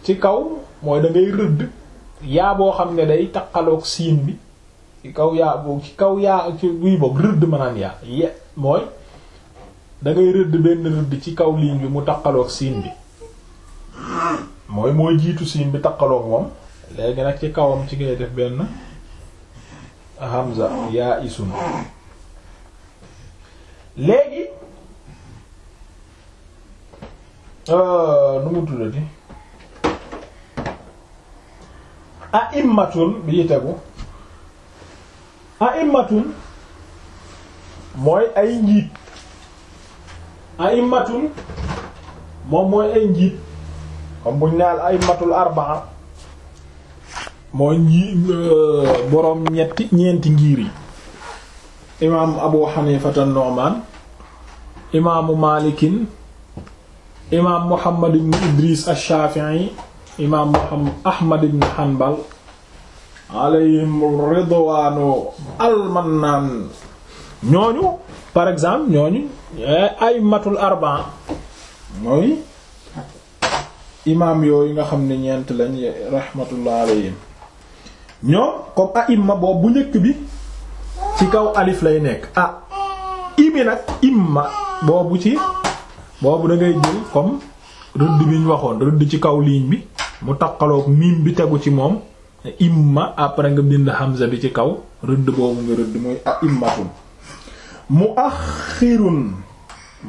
ci kaw mooy da rëdd yaa boo xam ne day taqaloog siin bi ci kaw yaa boo ci kaw yaa ci buy boobu rëdd mënaan yaa ye mooy da rëdd benn rëdd ci kaw ligne bi mu taqaloog siin bi mooy mooy jiitu siin bi taqaloog moom léegi nag ci kawam ci ngay def benn hamza yaa isun léegi euh, nu mu tuddati a'immatun bi tegu a'immatun mooy ay njiit a'immatun moom mooy ay njiit comme buñ ne al aymatul arbaa mooy ñi euh, boroom ñetti ñeenti ngiir yi imaamu abu xanifata nu'man imaamu malikin imaam muhammad ibn idris ash-shafi'i imaam muhammad ahmad ibn hanbal alayhim ridwaanu almannaan ñooñu par exemple ñooñu eh, ay arbaa mooy imaam yooyu nga xam ne ñeent lañ rahmatullah alayhim ñoom comme aimma boobu bu njëkk bi ci kaw alif lay nekk ah imi nag imma boobu ci boobu da ngay jël comme rëdd bi waxoon rëdd ci kaw ligne bi mu taqaloog miim bi tegu ci moom imma après nga bind hamza bi ci kaw rëdd boobu nga rëdd muy aimmatun mu axirun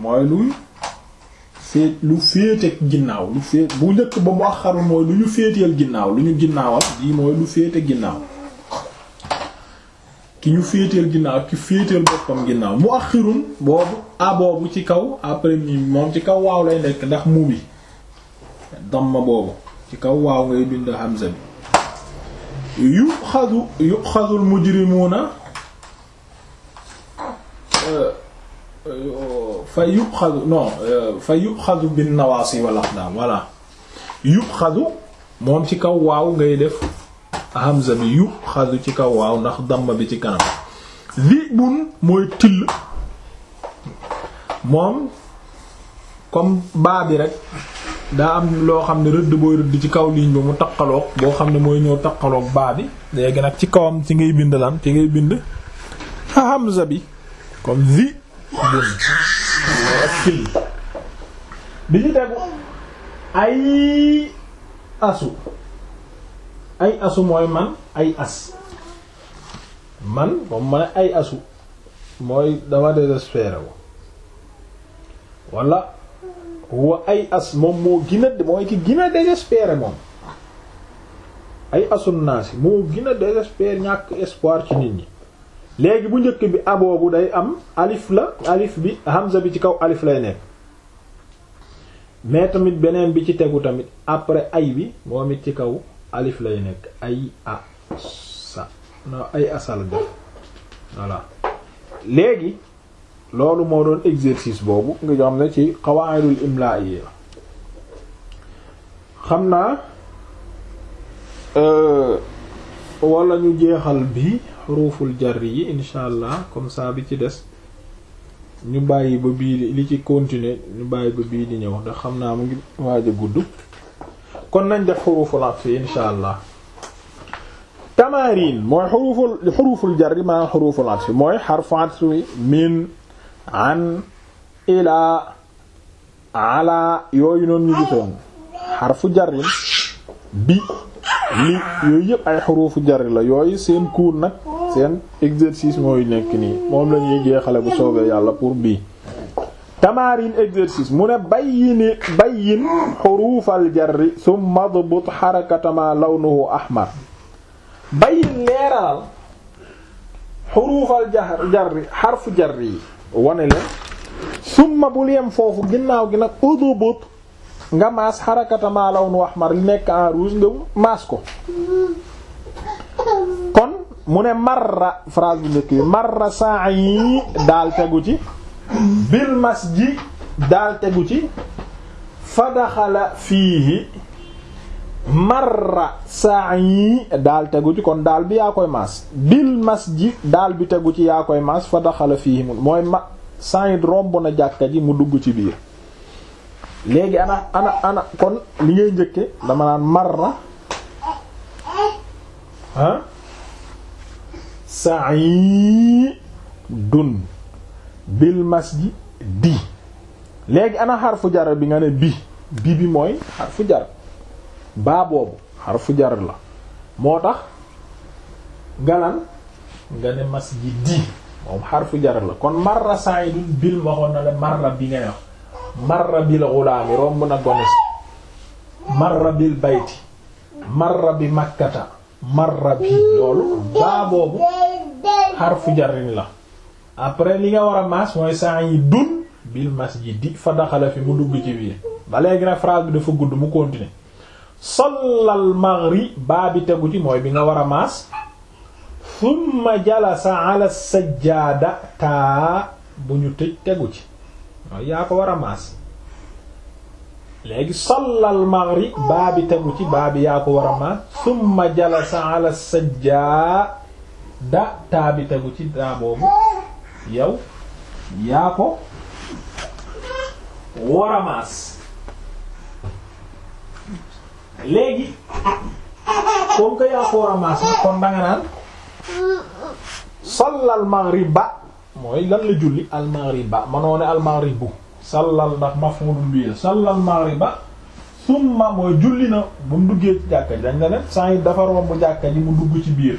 mooy luy féet lu féete ginnaaw lu féet bu njëkk ba mu axaru mooy lu ñu féeteel ginnaaw lu ñu ginnaawal bii mooy lu féete ginnaaw ki ñu féeteel ginnaaw ki féeteel boppam ginnaaw mu axirun boobu a ci kaw après mi moom ci kaw waaw lay nekk ndax mu bi damma boobu ci kaw waaw ngay bind hamza bi yu xasu yu xasul mujrimuna euh, fa yuxadu non fa yuxadu bin nawaasi wal aqdam voilà yuxadu moom ci kaw waaw ngay def hamza bi yuxadu ci kaw waaw ndax damma bi ci kanam zibun mooy till moom comme baa bi rek daa am loo xam ne rëdd booy rëdd ci kaw ligne bi mu taqaloog boo xam ne mooy ñëw taqaloog baa bi léegi nag ci kawam ci ngay bind lan ci ngay bind hamza bi comme zi génn ak cin bi ci tegu ay asu ay asu mooy man ay as man comme ma ay asu mooy dama désespéré wu wala wa ay as moom moo gën a mooy ki gën a moom ay asun naa moo gën a ñàkk espoir ci nit ñi léegi bu njëkk bi aboobu day am alif la alif bi hamza bi ci kaw alif lay nekk mais tamit beneen bi ci tegu tamit après ay bi moom it ci kaw alif lay nekk ay a sa non asal def voilà léegi loolu moo doon exercice boobu nga xam ne ci qawaidul imla yi la xam naa euh, wala ñu jeexal bi xuruful jar yi incha allah comme ça bi ci des ñu bàyyi ba bii li ci continuer ñu bàyyi ba bii di ñëw ndax xam naa mu ngi waaj a gudd kon nañ def xuruful atf yi incha allah tamarin mooy xuruful xuruful jar yi maanaam xuruful atf mooy xarfu atf min an ilaa yooyu noonu ñu xarfu jar bi li yooyu yëpp ay xuruufu jar la yooyu seen kuur nag seen exercice mooy nekk nii moom la ñuy jeexale bu soobee yàlla pour bii tamarin exercice mu ne bayyini xuruufal jarri summa dbut xarakatama lawnuhu ahmar bayyin leeral xuruufal jarri xarfu jarri yi wane leen summa bul yem foofu ginnaaw gi nag udbut nga maas xarakatama lawnuhu ahmar nekk en rouge nga maas ko kon mu ne marra phrase bu njëkk bi marra sa'i daal tegu ci bil masjid daal tegu ci fa fii fiihi marra sa'i daal tegu ci kon daal bi yaa koy maas bil masjid daal bi tegu ci yaa koy maas fa daxala fiihi mooy ma sa'i romb na jàkka ji mu dugg ci biir léegi ana ana ana kon li ngay njëkke dama naan marra ah? sa'idun bil masjidi léegi ana xarfu jar bi nga ne bi bi bi mooy xarfu jar baa boobu xarfu jar la moo tax galan nga ne masjidi moom xarfu jar la kon marra sa'idun bil waxoon na la marra bi nga wax marra bil ghulaami romb na gones marra bil bayti marra bi makkata marra bi loolu baa boobu xarfu jarrin la après li nga war a maas mooy sa'idun bil masjidi fa daxala fi mu dugg ci biir ba léegi nag phrase bi dafa gudd mu continuer sallal maghrib baa bi tegu ci mooy bi nga war a maas thumma jalasa ala sajjaada ci yaa ko war a maas léegi sallal baa bi tegu ci baa bi yaa ko war a maas thumma jalasa ala sajjaada da taa bi ci daa boobu yow yaa ko war a léegi comme que yaa ko war a kon danga naan sallal maghriba mooy lan la julli al maghriba manoo ne al maghribu sallal ndax maf'ulun bihi sallal maghriba summa mooy julli na bu mu duggee ci jàkka ji dañ la ne saa yi dafa romb jàkka ji mu dugg ci biir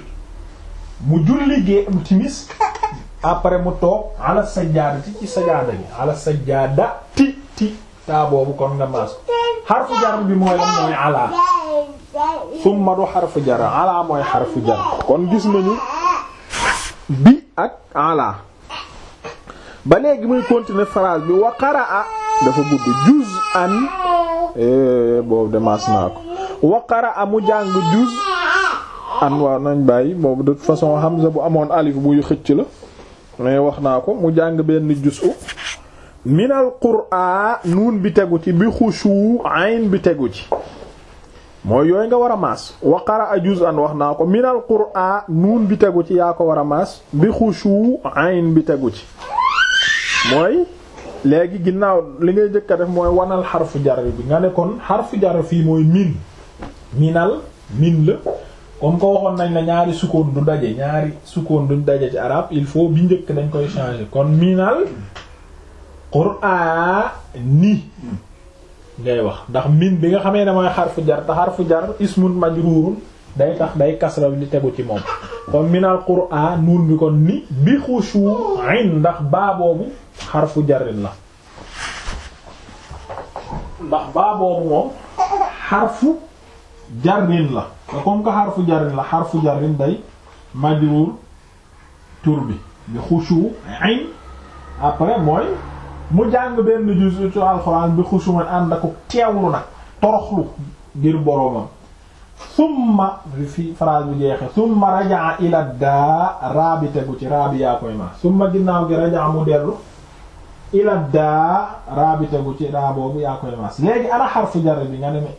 mu julli gee am timis après mu toog ala sajjaadati ci sajjaada bi ala sajjaada ti ti taa boobu kon nga maas xarfu jar bi mooy lan mooy ala summa du xarfu jar ala mooy xarfu jar kon gis nañu bi ak ala ba léegi muy continuer phrase bi wa qaraa dafa gudd juz an eh, boobu de naa ko wa qaraa mu jàng juz an waa nañ bàyyi boobu de toute façon Hamza bu amoon alif buy xëcc la mais wax naa ko mu jàng benn jusu minal qur'an nuun bi tegu ci bi xushu ayn bi tegu ci mooy yooyu nga war a maas wa qara'a juz'an wax naa ko minal qur'an nuun bi tegu ci yaa ko war a maas bi xushu ayn bi tegu ci mooy léegi ginnaaw li ngay njëkk a def mooy wanal xarfu jar bi nga ne kon xarfu jar fii mooy min minal min la comme ko waxoon nañ la ñaari sukkoon du daje ñaari sukkoon duñ daje ci arab il faut bi njëkk dañ koy changer kon minal qur'ani ngay wax ndax miin bi nga xamee ne mooy xarfu jar te xarfu jar ismun majrurun day tax day kasra li tegu ci moom kon minal qur'an nuun bi kon ni bi xushu'in ndax xarfu jarin la ndax baa boobu xarfu jarrin la te comme que xarfu jarrin la xarfu jarrin day majruur tur bi bi xushu après mooy mu jàng benn juz ci alxuraan bi xushu man ànd ak teewlu nag toroxlu ngir boroomam summa fi phrase bi jeexe summa rajaa ila daa raabi tegu ci raabi yaa koy ma summa ginnaaw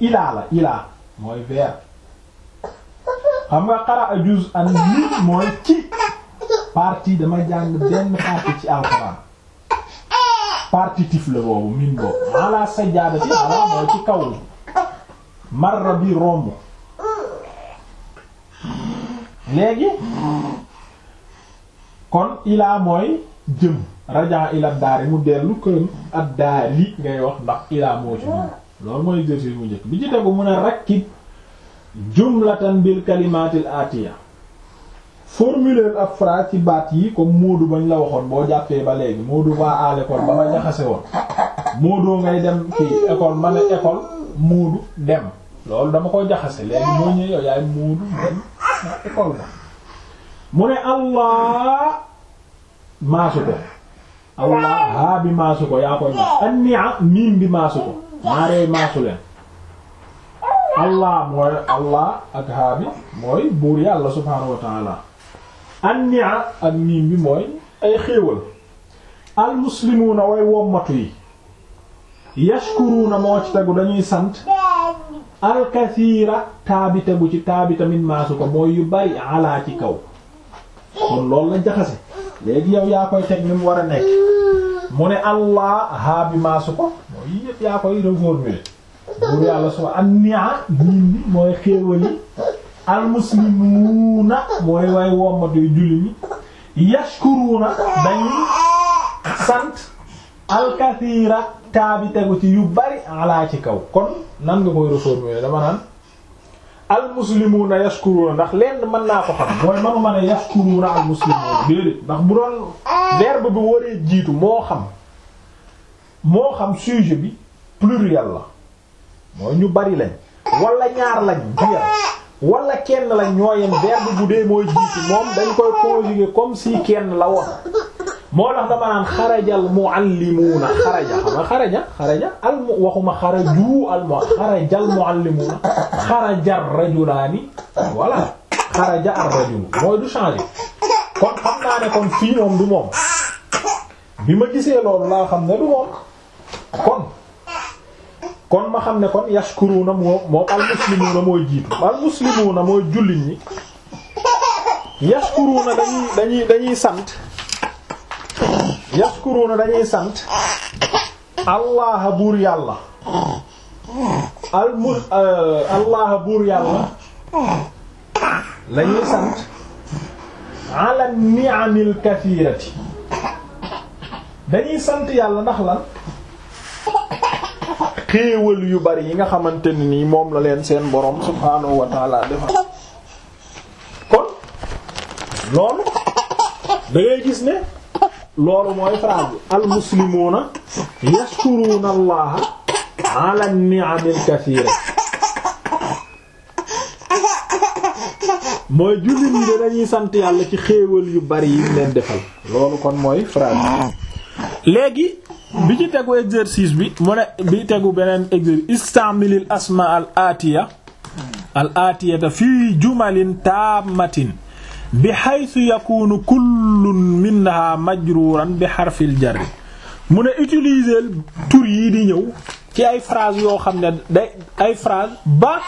ilaa la ilaa mooy veer xam nga qara'a juz'an min mooy ci partie dama jàng benn partie ci alxuraan partitif la boobu min boobu ala sajaadati ala mooy ci kaw marra bi romb léegi kon ilaa mooy jëm rajaa ila daari mu dellu kër ak daali ngay wax ndax ilaa moo ci loolu mooy exercice bu njëkk bi ci tegu mun a rakkib jumlatan bil kalimaatil atiya formuler ab phrase ci baat yi comme Moodu bañ la waxoon boo jàppee ba léegi Moodu waa à ba ma jaxase woon Moodu ngay dem kii école ma ne école loolu dama ko jaxase léegi moo ñëw yow yaay Moodu dem na mu ne Allah maasu ko Allah haa bi maasu ko yaa koy ma an ni'a bi maasu ko maa rey maasu leen allah mooy allah ak haa mooy buur yàlla subhaanahu wa taala annia ak niim bi mooy ay xéewal almuslimuuna way wommatu yi yashkuruuna moo ci tegu dañuy sant alkasiira taabi tegu ci taabi tamit maasu ko mooy yu bari alaa ci kaw kon loolu la jaxase léegi yow yaa koy teg ni mu war a nekk mu ne allah haabi maasu ko mooy yëpp yaa koy réformer bu yàlla suba am nia ñiin bi mooy xéewal yi almuslimuuna mooy way wommatuy julli ñi yashkuruuna dañuy sant alkathiira taabi tegu ci yu bari alaa ci kaw kon nan nga koy réformer dama naan na muslimuuna yashkuruuna ndax lenn mën naa ko xam mooy manuma ne yashkuruuna al muslimuuna déedéet ndax bu doon verbe bi waree jiitu moo xam moo xam sujet bi pluriel la mooy ñu bari lañ walla ñaar lañ biyal wala kenn lañ ñooyeen verbe bu dee mooy jiitu moom dañ koy conjuguer comme si kenn la woon moo tax dama naan xaraja xam xaraja xaraja al mu waxuma xaraja rajulaani voilà xaraja ar mooy du changer kon xam naa ne kon fii moom du moom bi ma gisee loolu laa xam ne du moom kon kon ma xam ne kon yashkuruuna moom moom al muslimuuna mooy jiitu al muslimuuna mooy jullit ñi yashkuruuna dañuy dañuy sant. yaskuruuna dañuy sant allaha buur yàlla al mu euh, allaha buur yàlla lañuy sant ala ni'amil kathirati dañuy sant yàlla ndax lan xéewal yu bari yi nga xamante ne nii moom la leen seen boroom subhaanahu wa taala kon loolu da gis ne loolu mooy phrase bi al muslimuuna yashkuruuna allaha mooy jullit yi de dañuy sant yàlla ci xéewal yu bari yi leen defal loolu bi léegi bi ci tegu exercice bi mu ne bi tegu beneen exercice istamilil asma al atiya al atiyata fii jumalin taammatin bi haythu yakunu kullun minha majruran bi harfil jar mu ne utiliser tur yi di ñëw ci ay phrase yoo xam ne day ay phrase ba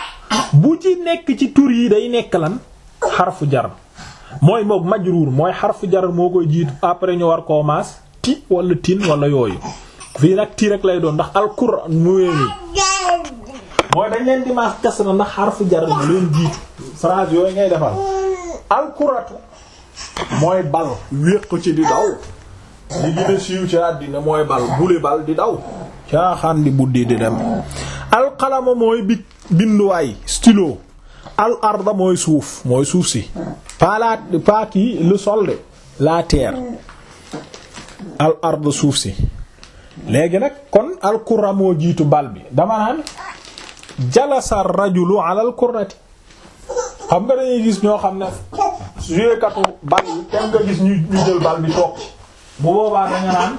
bu ci nekk ci tur yi day nekk lan xarfu jar mooy moog majruur mooy xarfu jar moo koy jiitu après ñu war koo maas ti wala tin wala yooyu fii nag ti rek lay doon ndax alquran mu wéeni mooy dañ leen di maas ndax xarfu jar leen jiitu phrase yooyu ngay defal alkuratu mooy bal wéq ci di daw li gën siiw ci àddina mooy bal bule bal di daw caaxaan di buddi di dem alxalama mooy bi binduwaay stylo al arda mooy suuf mooy suuf si pas la pas kii le sol de la suuf si léegi nag kon alkura moo jiitu bal bi dama naan jalasa rajulu ala al xam nga dañuy gis ñoo xam ne joué katu bal yi kenn nga gis ñu ñu jël bal bi toog bu boobaa dañu naan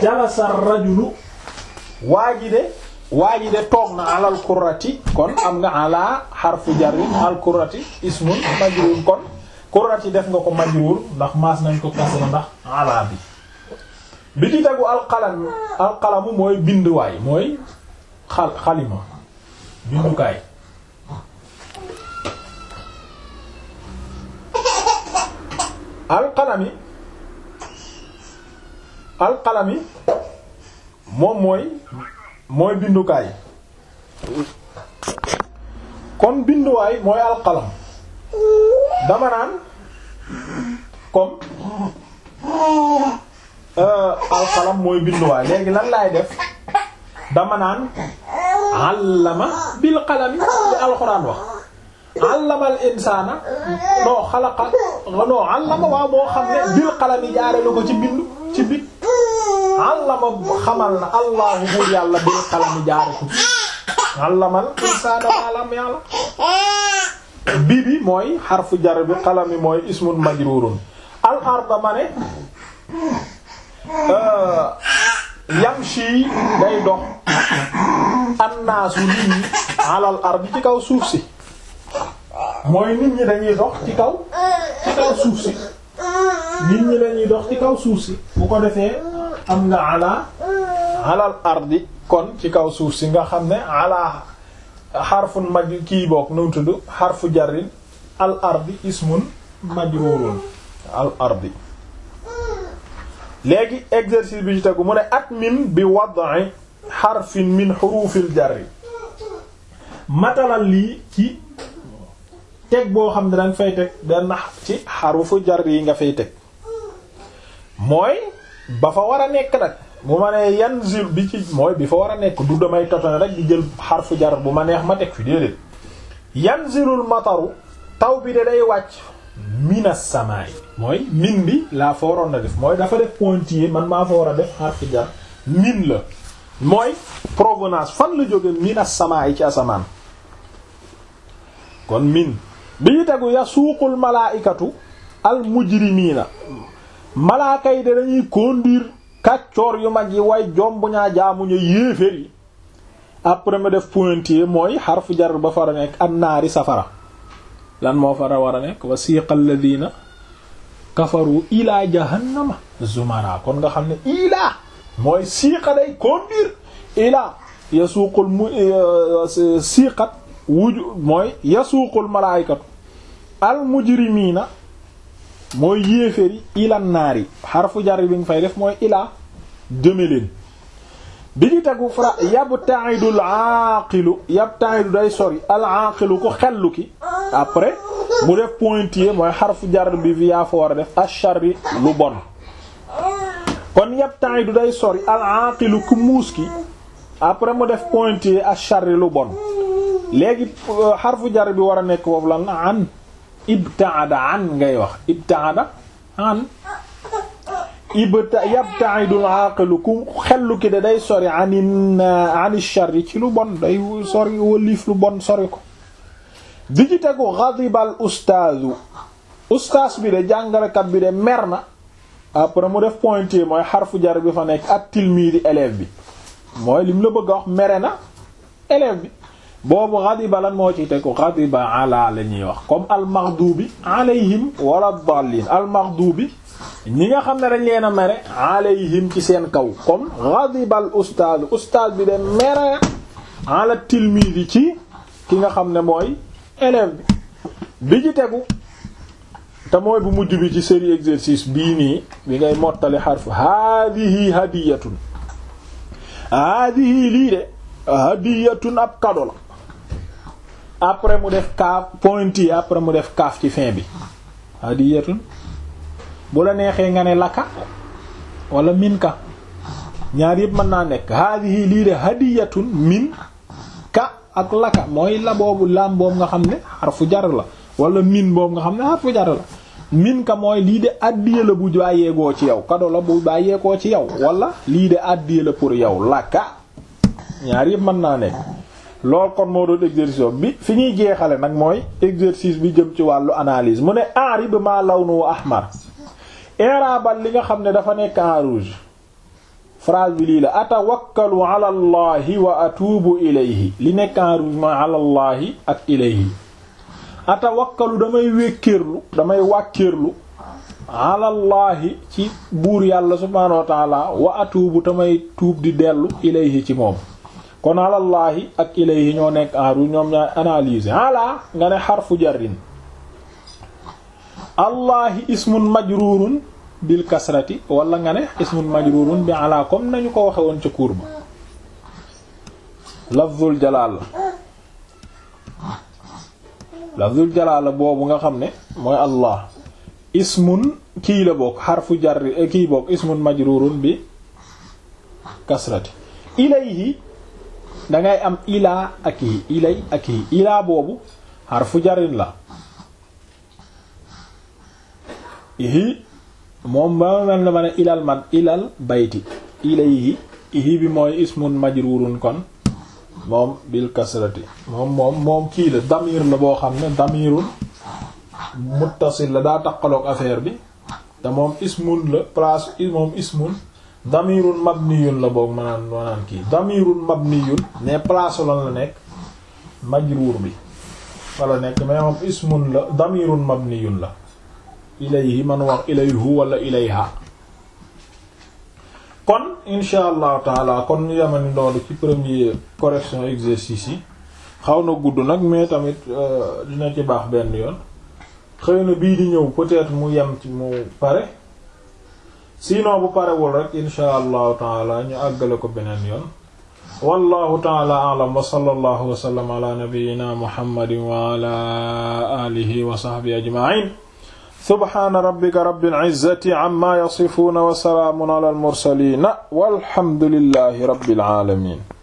jalasa rajulu waa ji de waa de toog na alal kurrati kon am nga ala xarfu jarin al kurrati ismun majrur kon kurrati def nga ko majrur ndax maas nañ ko kasra ndax ala bi bi ci tegu alqalam alqalamu mooy binduwaay mooy xal xalima bindukaay alqalami alqalami moom mooy mooy bindukaay kon binduwaay mooy alqalam dama naan comme euh, alqalam mooy binduwaay léegi lan laay def dama naan allama bil qalami li alxuraan wax allama al insaana noo xalaqa noo allama waaw moo xam ne bil qalami jaare la ko ci bindu ci bit allama xamal na allahu buur yàlla bil qalami jaare ko ci allama al insaana maa lam ya'lam bi mooy xarfu jar bi mooy ismun majrurun al arda ma ne euh, yamshi day dox annaasu nit ñi alal ardi ci kaw suuf si mooy nit ñi dañuy dox ci kaw ci kaw suuf si nit ñi dañuy dox ci kaw suuf si bu ko defee am nga ala alal ardi kon ci kaw suuf si nga xam ne ala xarfun maj kii bokk nu tudd xarfu jarin al ardi ismun majrurun al ardi léegi exercice bi ci tegu mu ne atmim bi wad'i xarfin min xurufil jarri matalal lii ci teg boo xam ne danga fay teg benn ci xarufu jar yi nga fay teg mooy ba fa war a nekk nag bu ma nee yan zil bi ci mooy bi fa war a nekk du damay totone rek di jël xarfu jar bu ma neex ma teg fi déedéet yan lu mataru taw bi da day wàcc mina samaay mooy min bi laa fa waroon na def mooy dafa def pointillé man maa fa war a def xarfu jar min la mooy provenance fan la jóge mina samaay ci asamaan kon min bii ya yasuuqul malaaykatu al mujrimiina malaaka yi de dañuy conduire kàccoor yu mag yi way jomb ñaa jaamuñu yéeféer après ma def pointier mooy xarfu jar ba fara nekk an naari safara lan moo fara war a nekk wa siiqa alladina kafaru ilaa jahannama zumara kon nga xam ne ilaa mooy siiqa day conduire ilaa yasuuqul mu eh, siiqat wuju mooy yasuuqul malaayikatu al mujrimiina mooy yéeféri ilan naari xarfu jar bi nga fay def mooy ilaa jëme leen bi di tegu fra yabta'idu al aaqilu yabta'idu day sori al aaqilu ko xellu ki après mu def pointier mooy xarfu jar bi fi yaa fa war a def ashari lu bon kon yabta'idu day sori al aaqilu ku muus ki après mu def pointier ashari lu bon léegi euh, xarfu jar bi war a nekk foofu lan la an ibtaada an ngay wax ibtaada an ibta yabtaidul aqilu ku xellu ki de day sori anin ani sharri ci lu bon day sori wëliif lu bon sori ko di ci tegu ghadibal ustaazu ustaas bi de jàngalekat bi de mer na après mu def pointé mooy xarfu jar bi fa nekk at tilmiidi élève bi mooy lim la bëgg a wax mere na élève bi boobu ghadiba lan moo ci tegu ghadiba ala la ñuy wax comme almaghdubi alayhim wala dallin almaghdubi ñi nga xam ne dañ leen a mere alayhim ci seen kaw comme ghadiba al ustaaz ustaaz bi de mere ala tilmidi ci ki nga xam ne mooy élève bi bi ci tegu te mooy bu mujj bi ci série exercice bi nii bi ngay mottali xarf haadihi hadiyatun haadihi lii de hadiyatun ab kado la après mu def kaaf point yi après mu def kaaf ci fin bi hadiyatun bu la neexee nga ne laka wala minka ñaar yëpp mën naa nekk hadihi lii de hadiyatun min ka ak laka mooy la boobu laam nga xam ne xarfu jar la wala min nga xam ne xarfu jar la min ka mooy lii de àddiya la bu bàyyeekoo ci yow kado la bu bàyyeekoo ci yow wala lii de àddiya la pour yow laka ñaar yëpp mën naa nekk lool kon moo doon exercice bi fi ñuy jeexale nag mooy exercice bi jëm ci wàllu analise mu ne arib ma lawnu ahmar i'rabal li nga xam ne dafa nekk en rouge phrase bi lii la atawakkalu ala allahi wa atuubu ilayhi li nekk en rouge mooy ala ak ilayhi atawakkalu damay wékkéerlu damay wàkkéerlu ala ci buur yàlla subhaanahu wa taala wa atuubu tamay tuub di dellu ilayhi ci moom kon alallaahi ak ilayhi ñoo nekk aaru ñoom ñaay analyser ala nga ne xarfu jarin allaahi ismun majrurun bil kasrati wala nga ne ismun majrurun bi ala comme nañu ko waxe woon ca cours ba lafzul jalaal lafzul boobu nga xam ne mooy allah ismun kii la bokk xarfu jarri eh, kii bokk ismun majrurun bi kasrati ilayhi dangay am ilaa ak yi ilay ak yi ilaa boobu fu jariñ la ihi moom ba mel na ma ne ilal man ilal bayti ilayhi ihi bi mooy ismun majrurun kon moom bil kasrati moom moom kii la damir la boo xam ne damirul muttasil la daa takkaloog affaire bi te moom ismun la place moom ismun damirun mabniyun la boog manaan manaan kii damirun mabniyun ne place lan la nekk majruur bi wala nekk mais moom ismun la damirun mabniyun la ilayhi man wax ilayhu wala ilayha kon insha allahu taala kon ñu yemani ndoonu ci premier correction exercice yi xaw na gudd nag mais tamit euh, dina ci baax benn yoon xëy na bii di ñëw peut mu yem ci mu pare sinon bu parewul rek insha allahu taala ñu àggale ko beneen yoon wallahu taala alam wa sallallahu wa sallam ala nabiyyina muhammadin wa ala alihi wa sahbihi ajma'in subhana rabbika rabbil izzati amma yasifuna wa salaamun ala al mursalina walhamdulillahi rabbil alamin